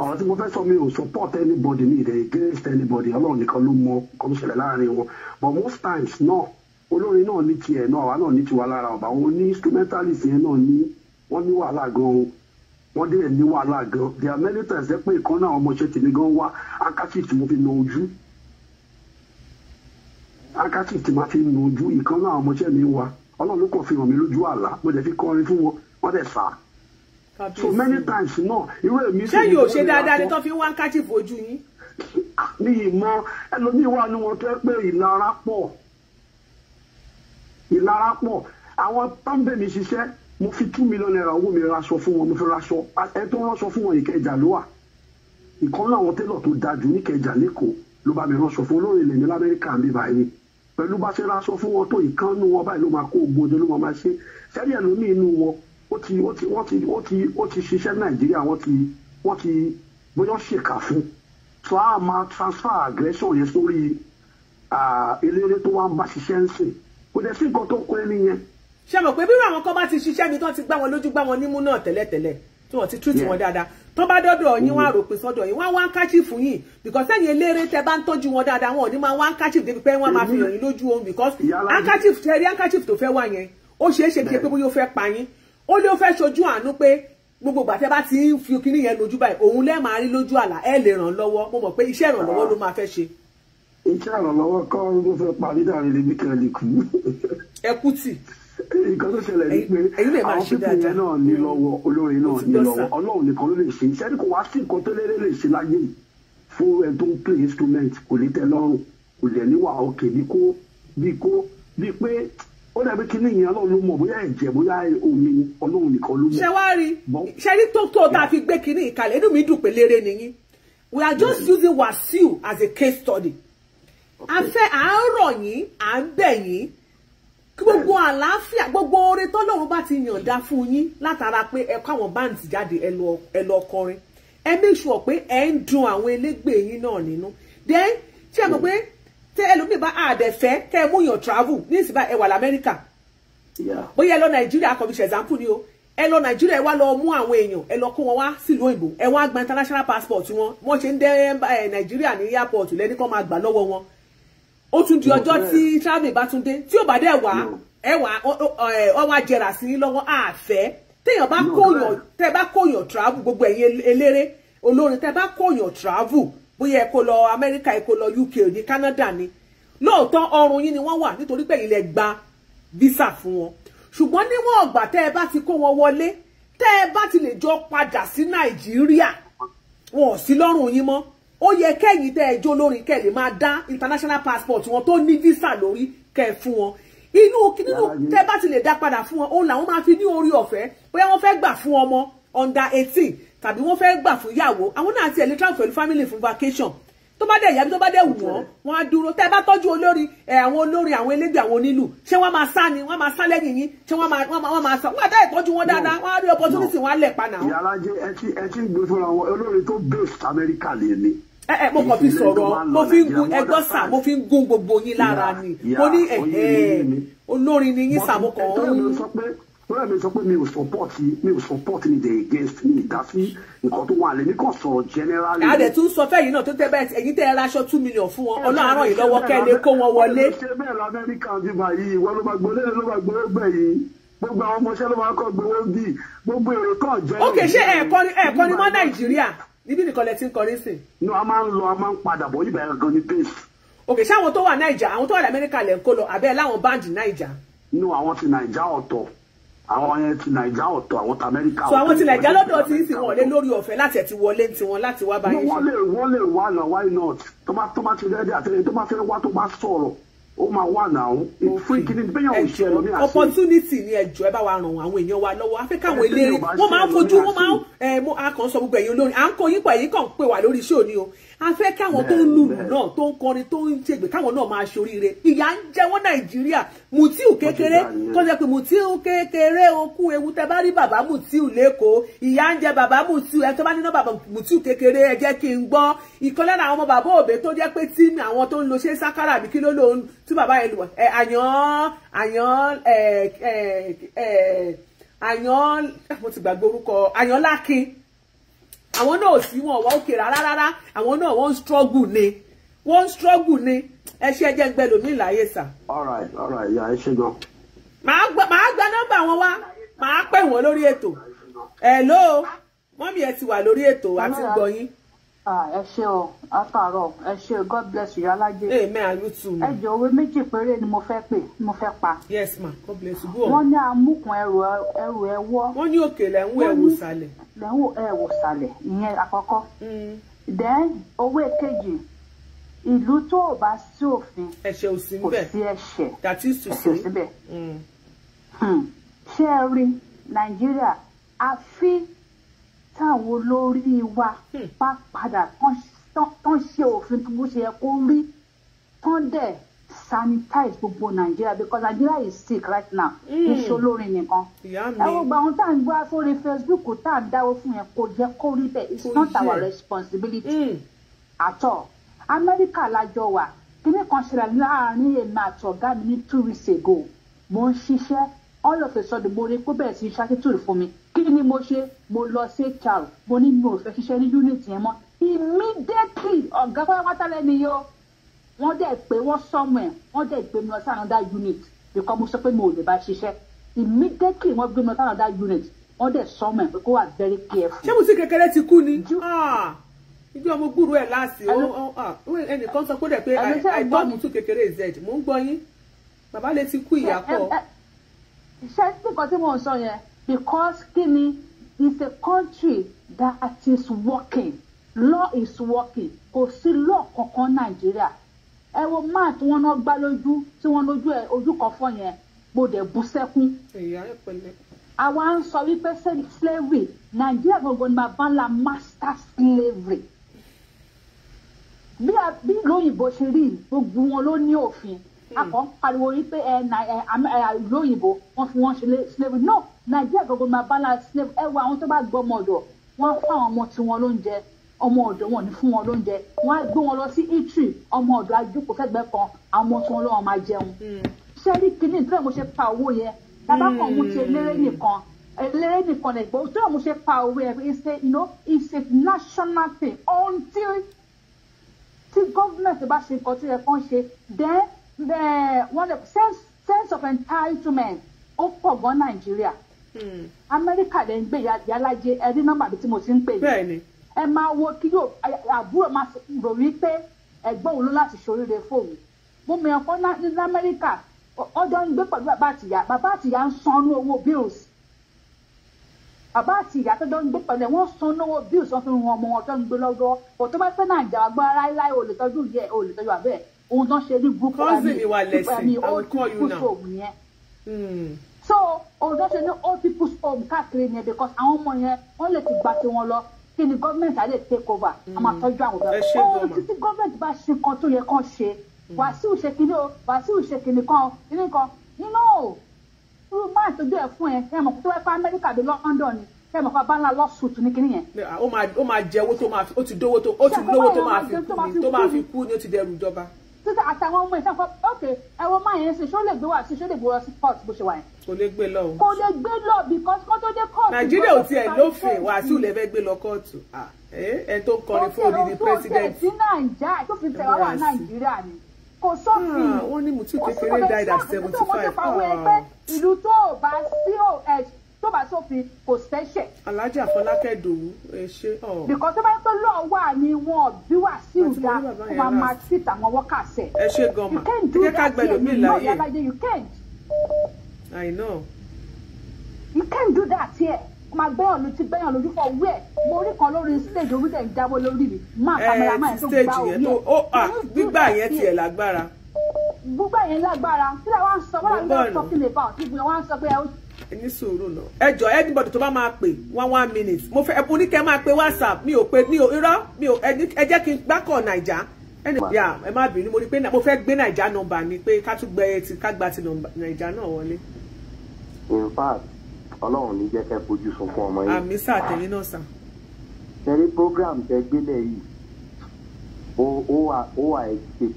ọ̀rọ̀ tí mo fẹ́ sọ mi ò support anybody ni they against anybody ọlọ́run nìkan ló mọ nǹkan tó ṣẹlẹ̀ láàrin wọn but most times náà olórin náà ní tiẹ̀ náà àwa náà ní tiwa lára ọ̀bà wọn ní instrumentalist yẹn náà ní wọ́n ní wàhálà gan-an wọ́n dé ní wàhálà gan there are ẹ pé ìkan náà ọmọọṣẹ́ tèmi gan wá akásìtì mo fi na ojú akásìtì máa fi na ojú ìkan náà ọmọọṣẹ́ mi wá ọlọ́run kò fi hàn mí lójú àlá mo dẹ̀ fi kọrin fún wọn wọ́n dẹ̀ sá so many times náà irú èmi sì ní ìwé ṣé yóò ṣe dáadáa ni tó fi ń wá kájìfò ojú yín. ní *laughs* ìmọ̀ ẹlòmíín wà ní wọn tó ẹ pé ìlara pọ̀ ìlara pọ̀ àwọn tó ń bẹ̀ mí ṣiṣẹ́ mo fi two million naira owó mi raṣọ fún wọn mo fi raṣọ ẹ tó ránṣọ fún wọn ìkẹjà ló wà ìkan náà àwọn télọ̀ tó dájú níkẹjà lẹ́kọ̀ọ́ ló bá mi ránṣọ fún olórin ilẹ̀ ní lamẹ́ríkà mi báyìí pẹ̀lú bá ṣe raṣọ fún wọn tó ìkànnú wọn báyìí ló máa kó ògbóde ló máa ṣe sẹ́rí ẹ̀ ló ní inú wọn ó ti ṣiṣẹ́ nàìjíríà wọ́n ti wọ́n ti bóyá ṣèkà fún so a máa transfer aggression yẹn sórí eléré tó wá ń bá ṣiṣẹ́ ń sìn kò dẹ̀ sí nǹkan tó kọ́ ẹni yẹn ṣe mọ̀ pé bírò àwọn kan bá ti ṣiṣẹ́ mi tán ti gbá wọn lójú gbá wọn nímú náà tẹ́lẹ̀tẹ́lẹ̀ tí wọ́n ti treat wọn dáadáa tó bá dọ́dọ̀ yín wọ́n á mm-hmm. ròpin sọ́dọ̀ yín wọ́n á wá ń káchì fún yín because ẹ̀yin eléré tẹ́ bá ń tọ́jú wọn dáadáa wọn ò ní máa wá ń káchì débi pé wọ́n máa fi mm-hmm. yàn yín lójú ohun because handkerchief ṣe rí handkerchief tó fẹ́ wá yẹn ó ṣeé ṣe kí pé bóyá ó fẹ́ pa yín ó lé ó fẹ́ ṣojú àánú pé gbogbo ìgbà tẹ́ bá ti ń fi kinní yẹn lójú báyìí òun lẹ́ẹ̀ máa rí lójú àlà ẹ lè ràn lọ́wọ́ mo mọ̀ pé iṣẹ́ ìrànlọ́wọ́ ló máa fẹ́ ṣe iṣẹ́ ìrànlọ́wọ́ kọ́ ló fẹ́ parí dàrí lèmi kẹ́ lè kú. ẹ tì nǹkan tó tẹ̀lé ni pé àwọn pípín yẹn náà ní lọ́wọ́ olórin náà ní lọ́wọ́ ọlọ́run nìkan ló lè ṣe sẹ́ni kò wá sí nǹkan tó lérè lè ṣe láyé fún ẹni tó ń play instrument kò ní tẹ́ lọ́rùn kò lè níwà òkè bí kó bí kó bí pé ó dàbí kí nìyẹn ọlọ́run ló mọ̀ bóyá ẹ̀jẹ̀ bóyá omi ọlọ́run nìkan ló mọ̀. ṣé wàá rí ṣe rí tó tó tá a fi gbé kinní ìkàlẹ̀ inú mi dùn pé lérè nìyí we are just mm. using Wasiu as a case study. a fẹ́ à ń rọ̀ yín à ń bẹ̀ yín gbogbo àlàáfíà gbogbo oore tọ́lọ́run bá ti yànda fún yín látara pé ẹ kọ́ àwọn báǹtì jáde ẹ lọ kọrin ẹ make sure pé ẹ ń dun àwọn elégbèé yín náà nínú then ṣé ẹ mọ̀ pé tẹ ẹlòmíì bá àdẹ̀fẹ́ kẹ́ ẹ mú yàn travel ní ìsìnbá ẹ wà lamẹ́ríkà bóyá ẹ lọ nàìjíríà kọ́ fi ṣe example ni o ẹ lọ nàìjíríà ẹ wá lọ mú àwọn èèyàn ẹ lọ kó wọn wá sílùú òyìnbó ẹ wá gba international passport wọn wọn ṣe ń dẹ eh, nàìjíríà ní airport lẹ́ni kọ́ máa gbà lọ́wọ́ wọn ó tún di ọjọ́ tí travel bá tún dé tí ò bá dẹ̀ wá ẹ wá ọ wá jẹrà sí lọ́wọ́ àfẹ́ téèyàn bá kóyàn tẹ́ bá kóyàn travel gbogbo ẹ̀yin eléré olórin tẹ́ bá kóyàn travel bóyá ẹ kó lọ Amẹ́ríkà ẹ kó lọ UK ní Canada ni lóòótọ́ ọrùn yín ni wọ́n wà nítorí pé ilẹ̀ gba visa fún wọn ṣùgbọ́n níwọ̀n ọgbà tẹ́ ẹ bá ti kó wọn wọlé tẹ́ ẹ bá ti le jọ padà sí Nigeria. wọn ò sí lọ́rùn mo ó yẹ kẹ́yìn tẹ́ ẹjọ́ lórin kẹ́ lè máa dá international passport wọn tó ní visa lórí kẹ́ fún wọn inú nínú ah, tẹ́ bá ti da dá padà fún wọn òun làwọn máa fi ní orí ọ̀fẹ́ bóyá wọ́n fẹ́ gbà fún ọmọ under eighteen tàbí wọ́n fẹ́ gbà fún ìyàwó àwọn náà ti ẹ̀ lè travel pẹ̀lú family for vacation tó bá dẹ̀ yẹ tó bá dẹ̀ wù wọ́n wọ́n á dúró tẹ́ bá tọ́jú olórí àwọn olórí àwọn elégbè àwọn onílù ṣé wọ́n máa sá ni wọ́n máa sá lẹ́yìn yín ṣé wọ́n máa wọ́n máa sá wọ́n àtẹ́ ìtọ́jú wọn dáadáa wọ́n á rí opportunity wọn lẹ̀ pa náà. ìyára jẹ ẹ ti ẹ ti wọn olórí tó base Amẹ́ríkà lè ní ẹ ẹ mo kàn fi sọ̀rọ̀ mo fi ń gun ẹgbọ́n sà mo fi ń gun gbogbo yín lára ni mo ní ẹ̀ẹ́ olórin ni yín sà lọ́yà mi sọ pé mi ò support mi ò support mi dey against mi dá nǹkan tó wà lè mi kàn sọ̀rọ̀ generally. àdè tún sọ fẹ́ yìí náà tó tẹ́ bẹ́ẹ̀ ẹ̀yin tẹ́ ẹ raṣọ two million fún wọn ọlọ́run yìí lọ́wọ́ kẹ́ kó wọn wọlé. ṣé bẹ́ẹ̀ la amẹ́ríkà ti yìí ìwọ ló máa gbọ́ lé ló máa gbọ́ ẹgbẹ́ yìí gbogbo àwọn ọmọọṣẹ́ ló máa kọ́ gbowó bí gbogbo èrè kan jẹ́. ok ṣé ẹ̀ẹ̀kan ni mọ́ nàìjíríà níbí nìkan lẹ no a máa ń lọ a máa ń padà bọ̀ ibà gan ni base. ok ṣé àwọn tó wà nàìjà àwọn tó wà ní amẹ́ríkà lẹ̀ no àwọn ti nàìjà ọ̀tọ̀ àwọn yẹn eh, ti nàìjà ọ̀tọ̀ àwọn ti amẹ́ríkà ọ̀tọ̀. so àwọn ti nàìjà lọ́dọ̀ ti ń sì wọlé lórí ọ̀fẹ́ láti ẹ̀ ti wọlé tiwọn láti wá báyìí. wọ́n lè wọ́n lè wá náà why not tó bá tó bá ti rẹ́ẹ̀dì àtẹ̀lẹ́ tó bá fẹ́ wá tó bá sọ̀rọ̀ ó máa wà náà ó fún ìkíni bẹ́yàn ò ṣe ẹlòmíràn sí. opportunity ni ẹjọ́ ẹ bá wa ràn àwọn èèyàn wa lọ́wọ́ afẹ́kẹ́ àwọn eléré wọ́n máa ń fojú wọ́n eh, máa ń akàn sọ gbogbo ẹ̀yin olórin à ń kọ yín pẹ̀lú kàn pè wá lórí iṣẹ́ òní o a fẹ́ káwọn tó ń lùlù náà tó ń kọrin tó ń ṣègbè káwọn náà máa ṣoríire ìyà ń jẹ wọn nàìjíríà mutiu kékeré tó jẹ́ pé mutiu kékeré okú ewu tẹ bá rí bàbá mutiu lẹ́kọ̀ọ́ ìyà ń jẹ bàbá mutiu ẹ tó bá níná bàbá mutiu kékeré ẹ jẹ kí n gbọ́ ìkan lára àwọn ọmọ bàbá òbí tó jẹ́ pé tí àwọn tó ń lo ṣe sákàrà àbí kí ló lòun tí bàbá yẹn lù wọ́n àyàn àyàn àyàn mo ti gbàgbé orúkọ àyàn lákin àwọn náà sí wọn wọ́n òkè rárá rárá àwọn náà wọ́n ń struggle ni wọ́n ń struggle ni ẹ ṣe ẹjẹ́ gbẹ lómi ìlàyé sà. all right all right ìyá ẹ ṣe gan. màá gba màá gba nọ́mbà wọn wá màá pè wọ́n lórí ètò hello mọ́mí ẹ ti wà lórí ètò àti gbọ́ ẹ ṣé o àtàrọ ẹ ṣé god bless you alájẹ amen you too ẹ jọ owó méjì péré ni mo fẹ́ pè mo fẹ́ pa. yes ma god bless you go on. wọ́n ní amúkùn ẹrù ẹrù ẹwọ́. wọ́n ní òkè lẹ́hún ẹ̀wò sàlẹ̀. lẹ́hún ẹ̀wò sàlẹ̀ ìyẹn àkọ́kọ́. Mm. then owó èkejì ìlú tó o bá sí òfin kò sí ẹ̀ṣẹ̀ ẹ̀ṣẹ̀ síbẹ̀ mm. hmm. ṣé ẹ rí nàìjíríà àfi táwọn olórí wa hmm. bá padà tán ṣe òfin tó bó ṣe yẹ kó rí tán dẹ̀ sanitize gbogbo Nigeria because Nigeria is sick right now hmm. ìṣolórin nìkan ẹ wo gba tá à ń gbọ́ sórí Facebook tá à ń dáwó fún yẹn kò yẹ kó rí bẹ́ẹ̀ it's not hmm. our responsibility at all Amẹ́ríkà lájọ wà kíní kan ṣẹlẹ̀ láàrin èmi àtọ̀gá mi ní two weeks ago mo ń ṣiṣẹ́ all of a sudden mo rí pé bẹ́ẹ̀ sí ṣàkítùrù fún mi kí ni mo ṣe mo lọ sí hr mo ní mi ò fẹ́ ṣiṣẹ́ ní unit yẹn mọ́ immediately ọ̀gá pátápátá lẹ́ni yó wọ́n dẹ̀ pé wọ́n sọmọ wọ́n dẹ̀ gbé mi lọ sí another unit because mo sọ pé mo ò lè bá ṣiṣẹ́ immediately wọ́n gbé mi lọ sí another unit wọ́n dẹ̀ sọmọ pé kó wà very careful. ṣé mo ti kékeré ti kú ni ibi ọmọ ah! gbúrú ẹ̀ láàsì oh, ah. ẹnìkan sọ pé ó dẹ̀ mi tún kékeré z mo ń gbọ́ yín bàbá lè ti kú ìyá ṣe nǹkan tí mò ń sọ yẹn because kini is a country that is working law is working kò sí law kankan nàìjíríà ẹ wo máà tí wọ́n náà gbá lójú tí wọ́n lójú ẹ ojú kan fọ́ yẹn gbòdè bú sẹ́kún. àwa ń sọ wípé slavery Nigeria gbogbo ni bàbá ńlá master slavery bí lóyìnbó ṣe rí gbogbo wọn ló ní òfin akọ̀ ń pariwo yìí pé eh, eh, eh, ìlú òyìnbó wọ́n fi wọ́n ṣe slavery no nàìjíríà gbogbo máa bá láti slavery ẹ wo àwọn tó bá gbọ́ ọmọ ọ̀dọ̀ wọ́n á fún àwọn ọmọ tiwọn lóúnjẹ ọmọ ọ̀dọ̀ wọn ní fún wọn lóúnjẹ wọ́n á gbé wọn lọ sí italy ọmọ ọ̀dọ̀ ajókòó-fẹ́gbẹ́ kan àwọn ọmọ tiwọn lọ́wọ́ máa jẹun hmm. ṣé rí kinní tí mo ṣe pa owó yẹn bàbá kan mo ṣe hmm. eléré nìkan eléré nìkan lẹ́gbẹ́ tí mo ṣe pa owó yẹn it's a you know it's a national thing until tí gọ́ọ̀mẹ̀ntì bá ṣe nǹkan tí ẹ kàn ṣe then The one the sense sense of entitlement ó pọ̀ gan nàìjíríà hmm. amẹ́ríkà lè ń gbé yàlájẹ ẹ̀rí nọ́mbà bí tí mo ti ń pè yìí ẹ máa wo kí yóò àbúrò máa rò wí pé ẹ̀gbọ́n òun ló láti ṣoríire fóònù mo mìíràn kọ́ ní amẹ́ríkà ọjọ́ ń gbé pẹ̀lú bàbá àtìyá bàbá àtìyá ń sanwó owó bills bàbá àti ìyá ń gbé pẹ̀lú wọn san owó bills wọn fi ń ran ọmọ wọn tó ń gbé lọ́wọ́ kò tó bá fẹ́ nàìjà agbára láéláé olùtọ́jú yẹ olùtọ́jú àbẹ́ẹ̀ ohun tó ń ṣe ní group ami group ami old people's home yẹn hmm. so ohun tó ń ṣe ní old people's home káàkiri yẹn because àwọn ọmọ yẹn wọ́n lè ti gba tiwọn lọ kí ni gọ́ọ̀mẹ̀ntì á lè take over a máa hmm. tọ́jú àwọn ọ̀dọ́ ohun títí gọ́ọ̀mẹ̀ntì bá ṣe kan tó yẹ kán ṣe hmm. wàásù ṣe kínní o wàásù ṣe kínní kan kínní kan nínú o irú máa tójú ẹ fún ẹ ẹ mọ̀ tó wá pa Amẹ́ríkà bí London ni ẹ mọ̀ pa bala lọ́sùtù ní kínní yẹn. ó máa jẹ owó to máa fi ó ti dówó to ó ti lówó tó máa fi kú ni tó máa fi kú ni ó ti dẹrù ìjọba títí àtàwọn ọmọ ìṣàn fọ ókè ẹwọ máa yẹn sí ṣó lè gbé wá sí ṣó lè gbé wá sí court bó ṣe wà yẹn. kò lè gbé lọ o. kò lè gbé lọ because kó tó dé court. nàìjíríà ò tiẹ̀ lófin wàásù lè fẹ́ gbé lọ kóòtù ẹ tó kọrin fún òdìdí president. ó ti nàìjíríà tó fi tẹ̀wá wà nàìjíríà ni kò sófin. wọ́n ah, ní mùtú kékeré died at seventy five. Ah. ìlú tó bá sí tó bá sófin kò sẹ́ṣẹ̀. alájà fọlákẹ́ dòwú ẹ ṣe. because tó bá yẹ pé lọ́ọ̀ wà ní wọn bí wà sí ìdá wọn a máa sí tàwọn workers ẹ̀. ẹ ṣe gan ma ẹ jẹ́ ká gbẹ̀lò mí láyè. I know. you can't do that here máa gbẹ́yàn ló ti gbẹ́yàn lójú fọ wí mo rí kan lórí stage orí dẹ̀ lórí mi máa kámẹ́rà máa tó gbá òye gbígbà yẹn tiẹ̀ lágbára. gbígbà yẹn lágbára kí ni àwọn sọ wọn làwọn sọ kí ni bá ọ tí wọn sọ pé ẹni sùúrù náà ẹjọ anybody to bá máa pè one one minute mo fe ẹkùn ní kẹ́ máa pe whatsapp mi o pe mi o irọ́ mi ò ẹ jẹ́ kí n gbákọ̀ Any yeah, e ma bi ni mo ní pé mo fe gbé nàìjà nọ́mbà ni pe ká tún gbẹ ti ká gba ti nàìjà náà wọlé. in fact ọlọ́run ní jẹ́ kẹ́ fojú sunkún ọmọ yìí. àmì sáà tẹ̀yìn náà sà. ṣẹ́rí program tẹ gbélé O o wà o wà ètì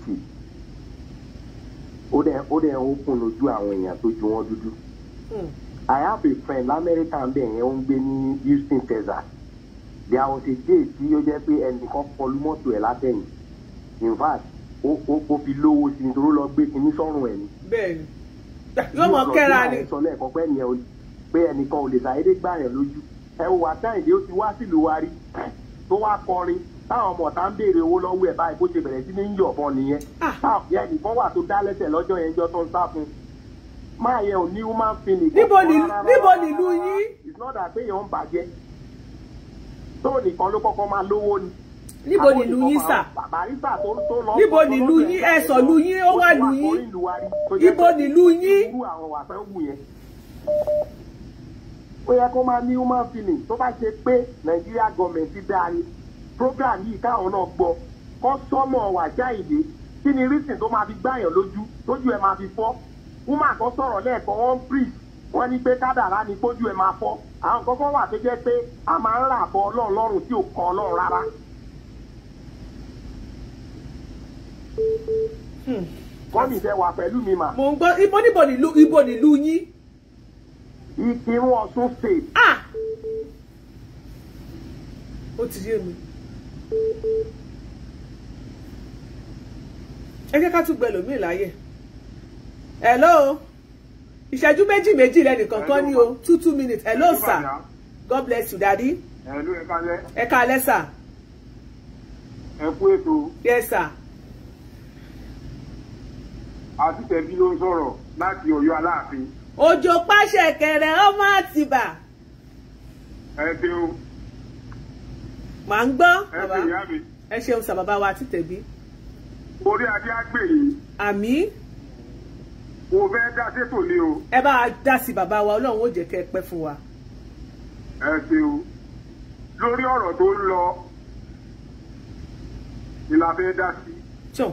ó dẹ̀ ó dẹ̀ ó kún lójú àwọn èèyàn tó ju wọn dúdú. Hmm. I have a friend lamẹ́ríkà ń bẹ̀ yẹn ó ń gbé ní Houston Texas there was a day tí ó jẹ́ pé ẹnìkan kọlu mọ́tò ẹ̀ látẹ̀yìn in fact ó ó fi lówó sí i nítorí ó lọ gbé kinní sọ́run ẹ̀ ni. bẹ́ẹ̀ni lọmọ kẹra ni. sọ lẹ́ẹ̀kan pé ẹnìyẹn pé ẹnìkan ò lè ṣàyédé gbà yẹn lójú ẹ wò wá táyìndé ó ti wá sílùú wa rí tó wá kọrin táwọn ọmọ ọ̀tá ń béèrè owó lọ́wọ́ ẹ̀ báyìí bó ṣe bẹ̀rẹ̀ sí ní yọ̀bọ̀n nìyẹn. Ah. táwọn ẹnìkan wà tó dá lẹ́sẹ̀ lọ́jọ́ yẹn jọ tó ń fún un máa yẹ òní human feeling. níbo nílùú yín. it's not that péyàn ń bàjẹ́ tó nìkan ló kọ́kọ́ máa lówó ni. níbo nílùú yín sà. bàbárísà tó tó lọ. níbo nílùú yín ẹ sọ lù yín ó wà lù yín. ibo nílùú yín. irú àwọn wà fẹ́ wù yẹn. ó yẹ kó máa ní human feeling tó bá ṣe pé nàìjíríà gọọmenti dáre program yìí káwọn náà gbọ́ kọ́ sọ́mọ̀ wàjá ìdè kí ni reason tó máa fi gbáyàn lójú lójú ẹ máa fi fọ́ woman kan sọ̀rọ̀ lẹ́ẹ̀kan wọ́n ń preach wọ́n ní pé kádàrá ni pójú ẹ̀ máa fọ́ àwọn kọ́kọ́ wà tó jẹ́ pé a máa ń rà bọ ọlọ́run lọ́rùn tí ò kọ́ ọlọ́run rárá. kọ́mì hmm. fẹ́ wà pẹ̀lú mi mà. mò ń gbọ́ ibo níbo nílùú ibo nílùú yín. ìkírun Ọ̀ṣun state. ah ó ti yé mi. ẹ jẹ́ ká tún gbẹ lòmíì láyè hello ìṣẹ́jú méjì méjì lẹ́nìkan kan ní o two two minutes hello sir god bless you daddy. hello ẹ kálẹ́. ẹ kálẹ́ sir. ẹ kú ètò. yes sir. àtìtẹ̀bí ló ń sọ̀rọ̀ láti ọ̀yọ́ aláàfin. òjò pàṣẹ kẹrẹ ọmọ àtìbà. ẹ dẹun. màá ń gbọ́ bàbá ẹ ṣeun sà bàbá wa àtìtẹ̀bí. orí adé á gbè yìí. àmì mo fẹ́ dá sétò ni o. ẹ bá a dá sí bàbá wa ọlọ́run ó jẹ́ kẹ́ ẹ pẹ́ fún wa. ẹ ṣeun lórí ọ̀rọ̀ tó ń lọ ni la fẹ́ dá sí. tíọ̀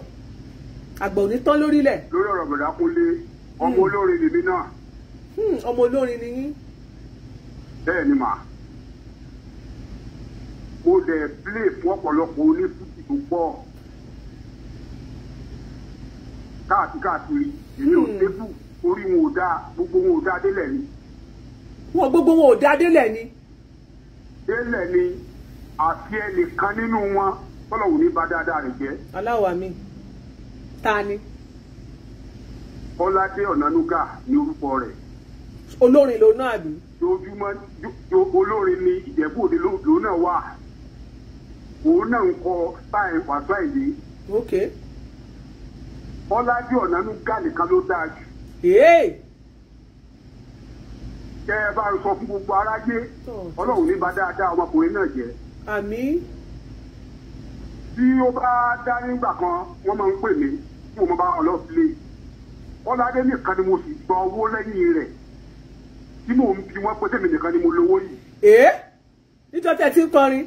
àgbà ò ní tán lórílẹ̀. lórí ọ̀rọ̀ bọ̀dá kúnlé ọmọ hmm. olórin nìbí náà. Hmm, ọmọ olórin ni yín. bẹ́ẹ̀ ni mà mo dẹ̀ plé fún ọ̀pọ̀lọpọ̀ onífúkì tó pọ̀ káàkiri káàkiri ilé ò stable hmm. orí wọn ò dáa gbogbo wọn ò dáa délẹ̀ ni. wọn gbogbo wọn ò dáa délẹ̀ ni. délẹ̀ ni àfi ẹnìkan nínú wọn fọlọ́wù ní bá dáadáa rẹ̀ jẹ́. aláwa mi ta ni. ọládé ọ̀nánúgà ni orúkọ rẹ̀. olórin ló náà bí. lójúmọ́ olórin ni ìjẹ̀bú òde ló náà wà òun náà ń kọ táyà wàásù àìlè. okay. Bọ́lájí Ọ̀nàmíkà nìkan ló dáa jù. kẹ ẹ bá sọ fún gbogbo aráyé ọlọ́run ní bá dáadáa ọmọkùnrin náà jẹ́. àmín. bí ó bá dá nígbà kan wọ́n máa ń pè mí kí mo bá ọlọ́ọ̀filé Bọ́ládé nìkan ni mo sì gbọ́ owó lẹ́yìn rẹ̀ tí mò ń bi wọ́n pé tèmi nìkan ni mo lówó yìí. èé eh? nítorí ẹ ti ń kọrin.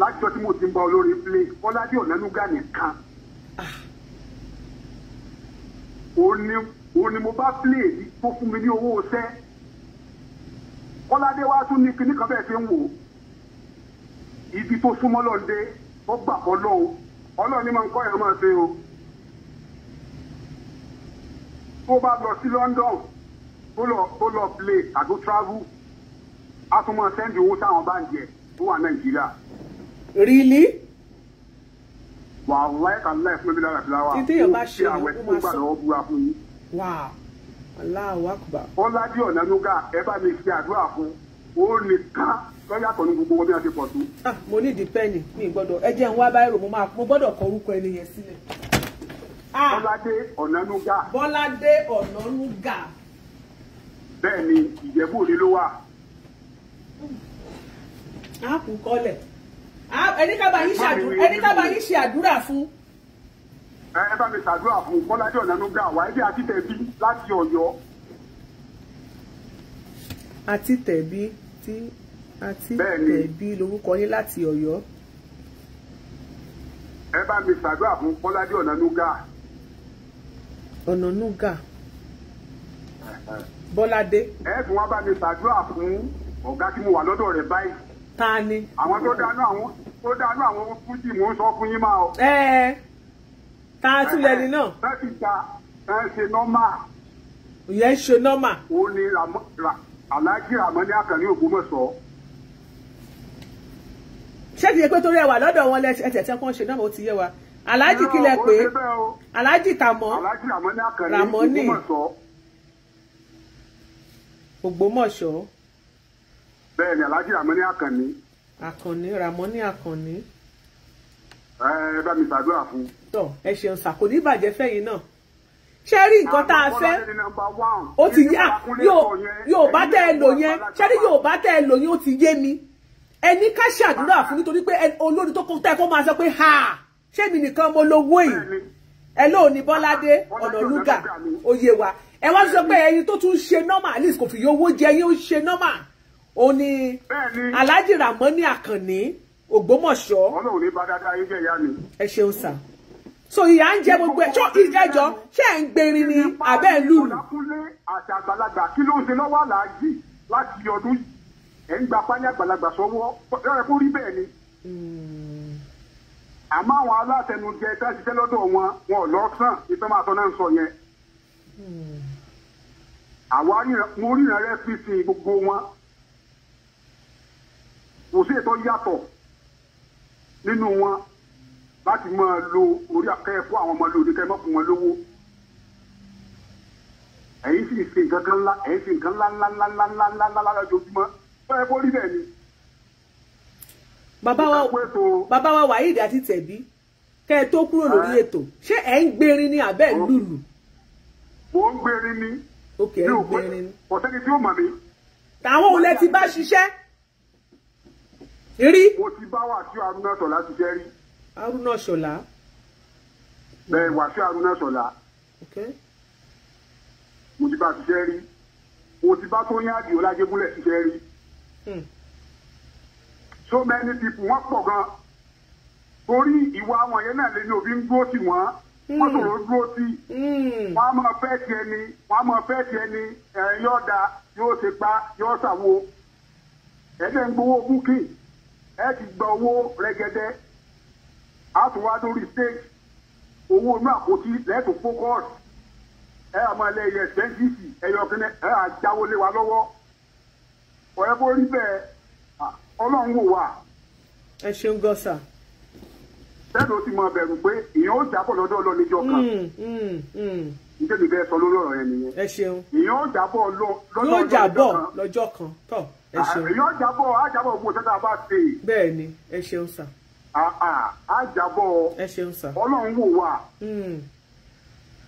láti sọ tí mo ti ń bá olórin play Bọ́ládé Ọ̀nàmíkà nìkan òun mo bá play tó fún mi ní owó sẹ́ kọ́ládé wá tún ní kíní kan bẹ́ẹ̀ ṣe ń wò ibi tó súnmọ́ lọ́ndé ó gbà kọ́ lọ́wọ́ ọlọ́run ni mo ń kọ́ yẹn máa ṣe o tó bá lọ sí London tó lọ tó lọ play àgbo travel a tún máa sẹ́ndì owó sáwọn báńkì ẹ̀ tó wà Nàìjíríà. Really? wà á láì kà láì fún mi lára fìlà wa ó fi àwẹ̀ tó gbà lọ́wọ́ búra fún yín. Allahu Akbar. ó ládì ọ̀nà nuga ẹ bá mi ṣe àdúrà fún ó lè ká lọ́yà pẹ̀lú gbogbo wọn bí wọ́n ti pọ̀ tó. Ah, mo ní ìdí pẹ́ẹ́nì mi gbọ́dọ̀ ẹ jẹ́ ń wá báyìí rò mo máa mo gbọ́dọ̀ kọ orúkọ ẹni yẹn sílẹ̀. Ah, Bọ́ládé Ọ̀nánúgà. Bọ́ládé Ọ̀nánúgà. Bẹ́ẹ̀ ni Ìjẹ̀bú òde ló wà. a kù kọ́lẹ̀. Ah, ẹni ká bá yín ṣàdúrà ẹni ká bá yín ṣàdúrà fún. ẹ bá mi ṣàdúrà fún Bọ́lájí Ọ̀nànúgà Wáídé Àtìtẹ̀bí láti Ọ̀yọ́. Àtìtẹ̀bí tí Àtìtẹ̀bí lorúkọ yín láti Ọ̀yọ́. ẹ bá mi ṣàdúrà fún Bọ́lájí Ọ̀nànúgà. Ọ̀nànúgà. Bọ́ládé. ẹ fún wa bá mi ṣàdúrà fún ọ̀gá tí mo wà lọ́dọ̀ rẹ̀ báyìí ta ni. àwọn tó dáná àwọn tó dáná àwọn fújì mò ń sọ fún yín máa o. ẹ ẹ ta túlẹ̀ ni náà. bẹ́ẹ̀ ti ta ẹ ṣe nọ́mà. ìyẹn ṣe nọ́mà. ó ní aláàjì ramani akànní Ògbómọ̀ṣọ́. ṣé kìí pé torí ẹwà lọ́dọ̀ wọn lẹ ẹsẹ̀ tí wọ́n ṣe náà ó ti yé wa aláàjì kílẹ̀ pé aláàjì tàmọ́ ramani Ògbómọ̀ṣọ́. Ògbómọ̀ṣọ́ bẹ́ẹ̀ ni alhaji ramoni akanni. akanni ramoni akanni. ẹ ẹ bá mi ṣàdúrà fún. tọ ẹ ṣeun sàkó ìbàjẹ́ fẹ́yìn náà ṣe nǹkan tá a fẹ́ O ti yá yóò bá tẹ́ ẹ lò yẹn ṣe rí yóò bá tẹ́ ẹ lò yẹn ó ti yé mi ẹni ká ṣàdúrà fún nítorí pé olórí tó kọ́ tẹ́ kó máa sọ pé ha ṣé mi nìkan mo lówó yìí ẹ lóò ní bọ́ládé ọ̀nà lúgà oyè wa ẹ wá sọ pé ẹyin tó tún ṣe normal at least kò fi yówó jẹ yín ṣe normal ó ní Alhaji Ramoni Àkànní Ògbómọ̀ṣọ́. Ọlọ́run Ẹ ṣeun sà so ìyá ń jẹ gbogbo ẹ tó ìjẹjọ ṣé ẹ ń gbèrin ni abẹ́ ìlú. ọlákúnlé àti àgbàlagbà kí ló ń ṣe lọ́wọ́ àlàájì láti ọdún yìí ẹ̀ ń gba pálí àgbàlagbà sọ́wọ́ lọ́rẹ̀ kó rí bẹ́ẹ̀ ni. Hmm. àmọ́ àwọn alátẹnujẹ tá a ṣiṣẹ́ lọ́dọ̀ wọn wọn ò lọ́sàn ìfẹ́ máa tọ́ náà ń sọ yẹn. Hmm. àwa mo ríran rẹ́ fi sin gbogbo wọn kò sí ètò yàtọ̀ nínú wọn láti máa lo orí akẹ́kọ̀ọ́ àwọn ọmọ lóde kẹ́ ẹ má fún wọn lówó ẹ̀yin sì ṣe nǹkan kan ńlá ẹ̀yin sì nǹkan ńlá ńlá ńlá ńlá ńlá ńlá ńlá ńlá lójoojúmọ́ bẹ́ẹ̀ kó rí bẹ́ẹ̀ ni. bàbá wa bàbá wa wàhíì àti tẹ̀bí kẹ́ ẹ tó kúrò lórí ètò ṣé ẹ̀ ń gbèrín ni àbẹ́ ẹ̀ lùlù. mo ń gbèrín ni. ok ẹ̀ ń gbèrín ni. ọ̀sẹ́ni tí ó mọ̀ mi. àwọn olè ti bá ṣiṣẹ́ rí. mo ti bá wàṣíù arúnà ṣọlá ti jẹ́ rí. arúnà ṣọlá. bẹ́ẹ̀ wàṣíù arúnà ṣọlá. mo ti bá ti jẹ́ rí mo ti bá tóyìn àdìo lájẹgúnlẹ̀ ti jẹ́ rí. Hmm. so many people wọ́n pọ̀ gan-an torí ìwà àwọn yẹn náà lè ní òbí ń dúró tì wọ́n hmm. wọ́n sọ̀rọ̀ dúró tì hmm. wọ́n á máa fẹ́ tiẹ̀ ni wọ́n á máa fẹ́ tiẹ̀ ni ẹ̀yọ́ da yóò ṣe pa yóò ṣàwo ń gbowó búkì ẹ ti gba owó rẹgẹdẹ àtúwá lórí stage owó inú àpótí lẹ́tọ̀ focus ẹ àmọ́ ẹ lẹ́yẹ ṣẹ́ńtìsì ẹ̀yọkẹ́lẹ́ ẹ àjáwó lé wa lọ́wọ́ ọ̀rẹ́ bó rí bẹ́ẹ̀ ọlọ́run wò wá. ẹ ṣeun gọ́sà. sẹ́nu ó ti mọ bẹ̀rù pé èèyàn ó jábọ̀ lọ́dọ̀ ọlọ́nijọ́ kan nítorí hmm, bẹ́ẹ̀ hmm, hmm. sọ lórí ọ̀rọ̀ yẹn nìyẹn. èèyàn ó jábọ̀ lọ́dọ̀ lọ́jọ́ kan tọ̀ ẹ ṣeun yóò jábọ̀ àjábọ̀ gbogbo tẹ́tà bá ṣe. bẹ́ẹ̀ ni ẹ ṣeun sà. àjábọ̀ ẹ ṣeun sà. ọlọ́run wò wá. Hmm.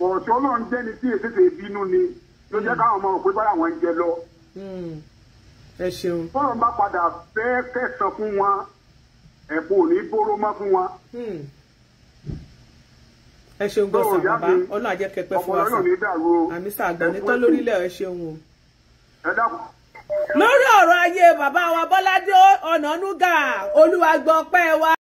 ọ̀sẹ̀ ọlọ́run jẹ́ni tí èsì ṣe bínú ni ló jẹ́ hmm. káwọn ọmọ òpin bára wọn jẹ lọ. Hmm. ẹ ṣeun. tọ́lọ̀ bá padà fẹ́ kẹsàn fún wọn ẹ̀bùn ò ní bóró mọ́ fún wọn. ẹ ṣeun gbọ́sàn bàbá ọlọ́run àjẹkẹ́pẹ́ fún wa sàn àmì sàgbọ́n nítọ́ lórílẹ̀ ẹ ṣeun o. ẹ dákun lórí ọ̀rọ̀ ayé bàbá wa bọ́ládé ọ̀nànúgà olúwa gbọ́ wa.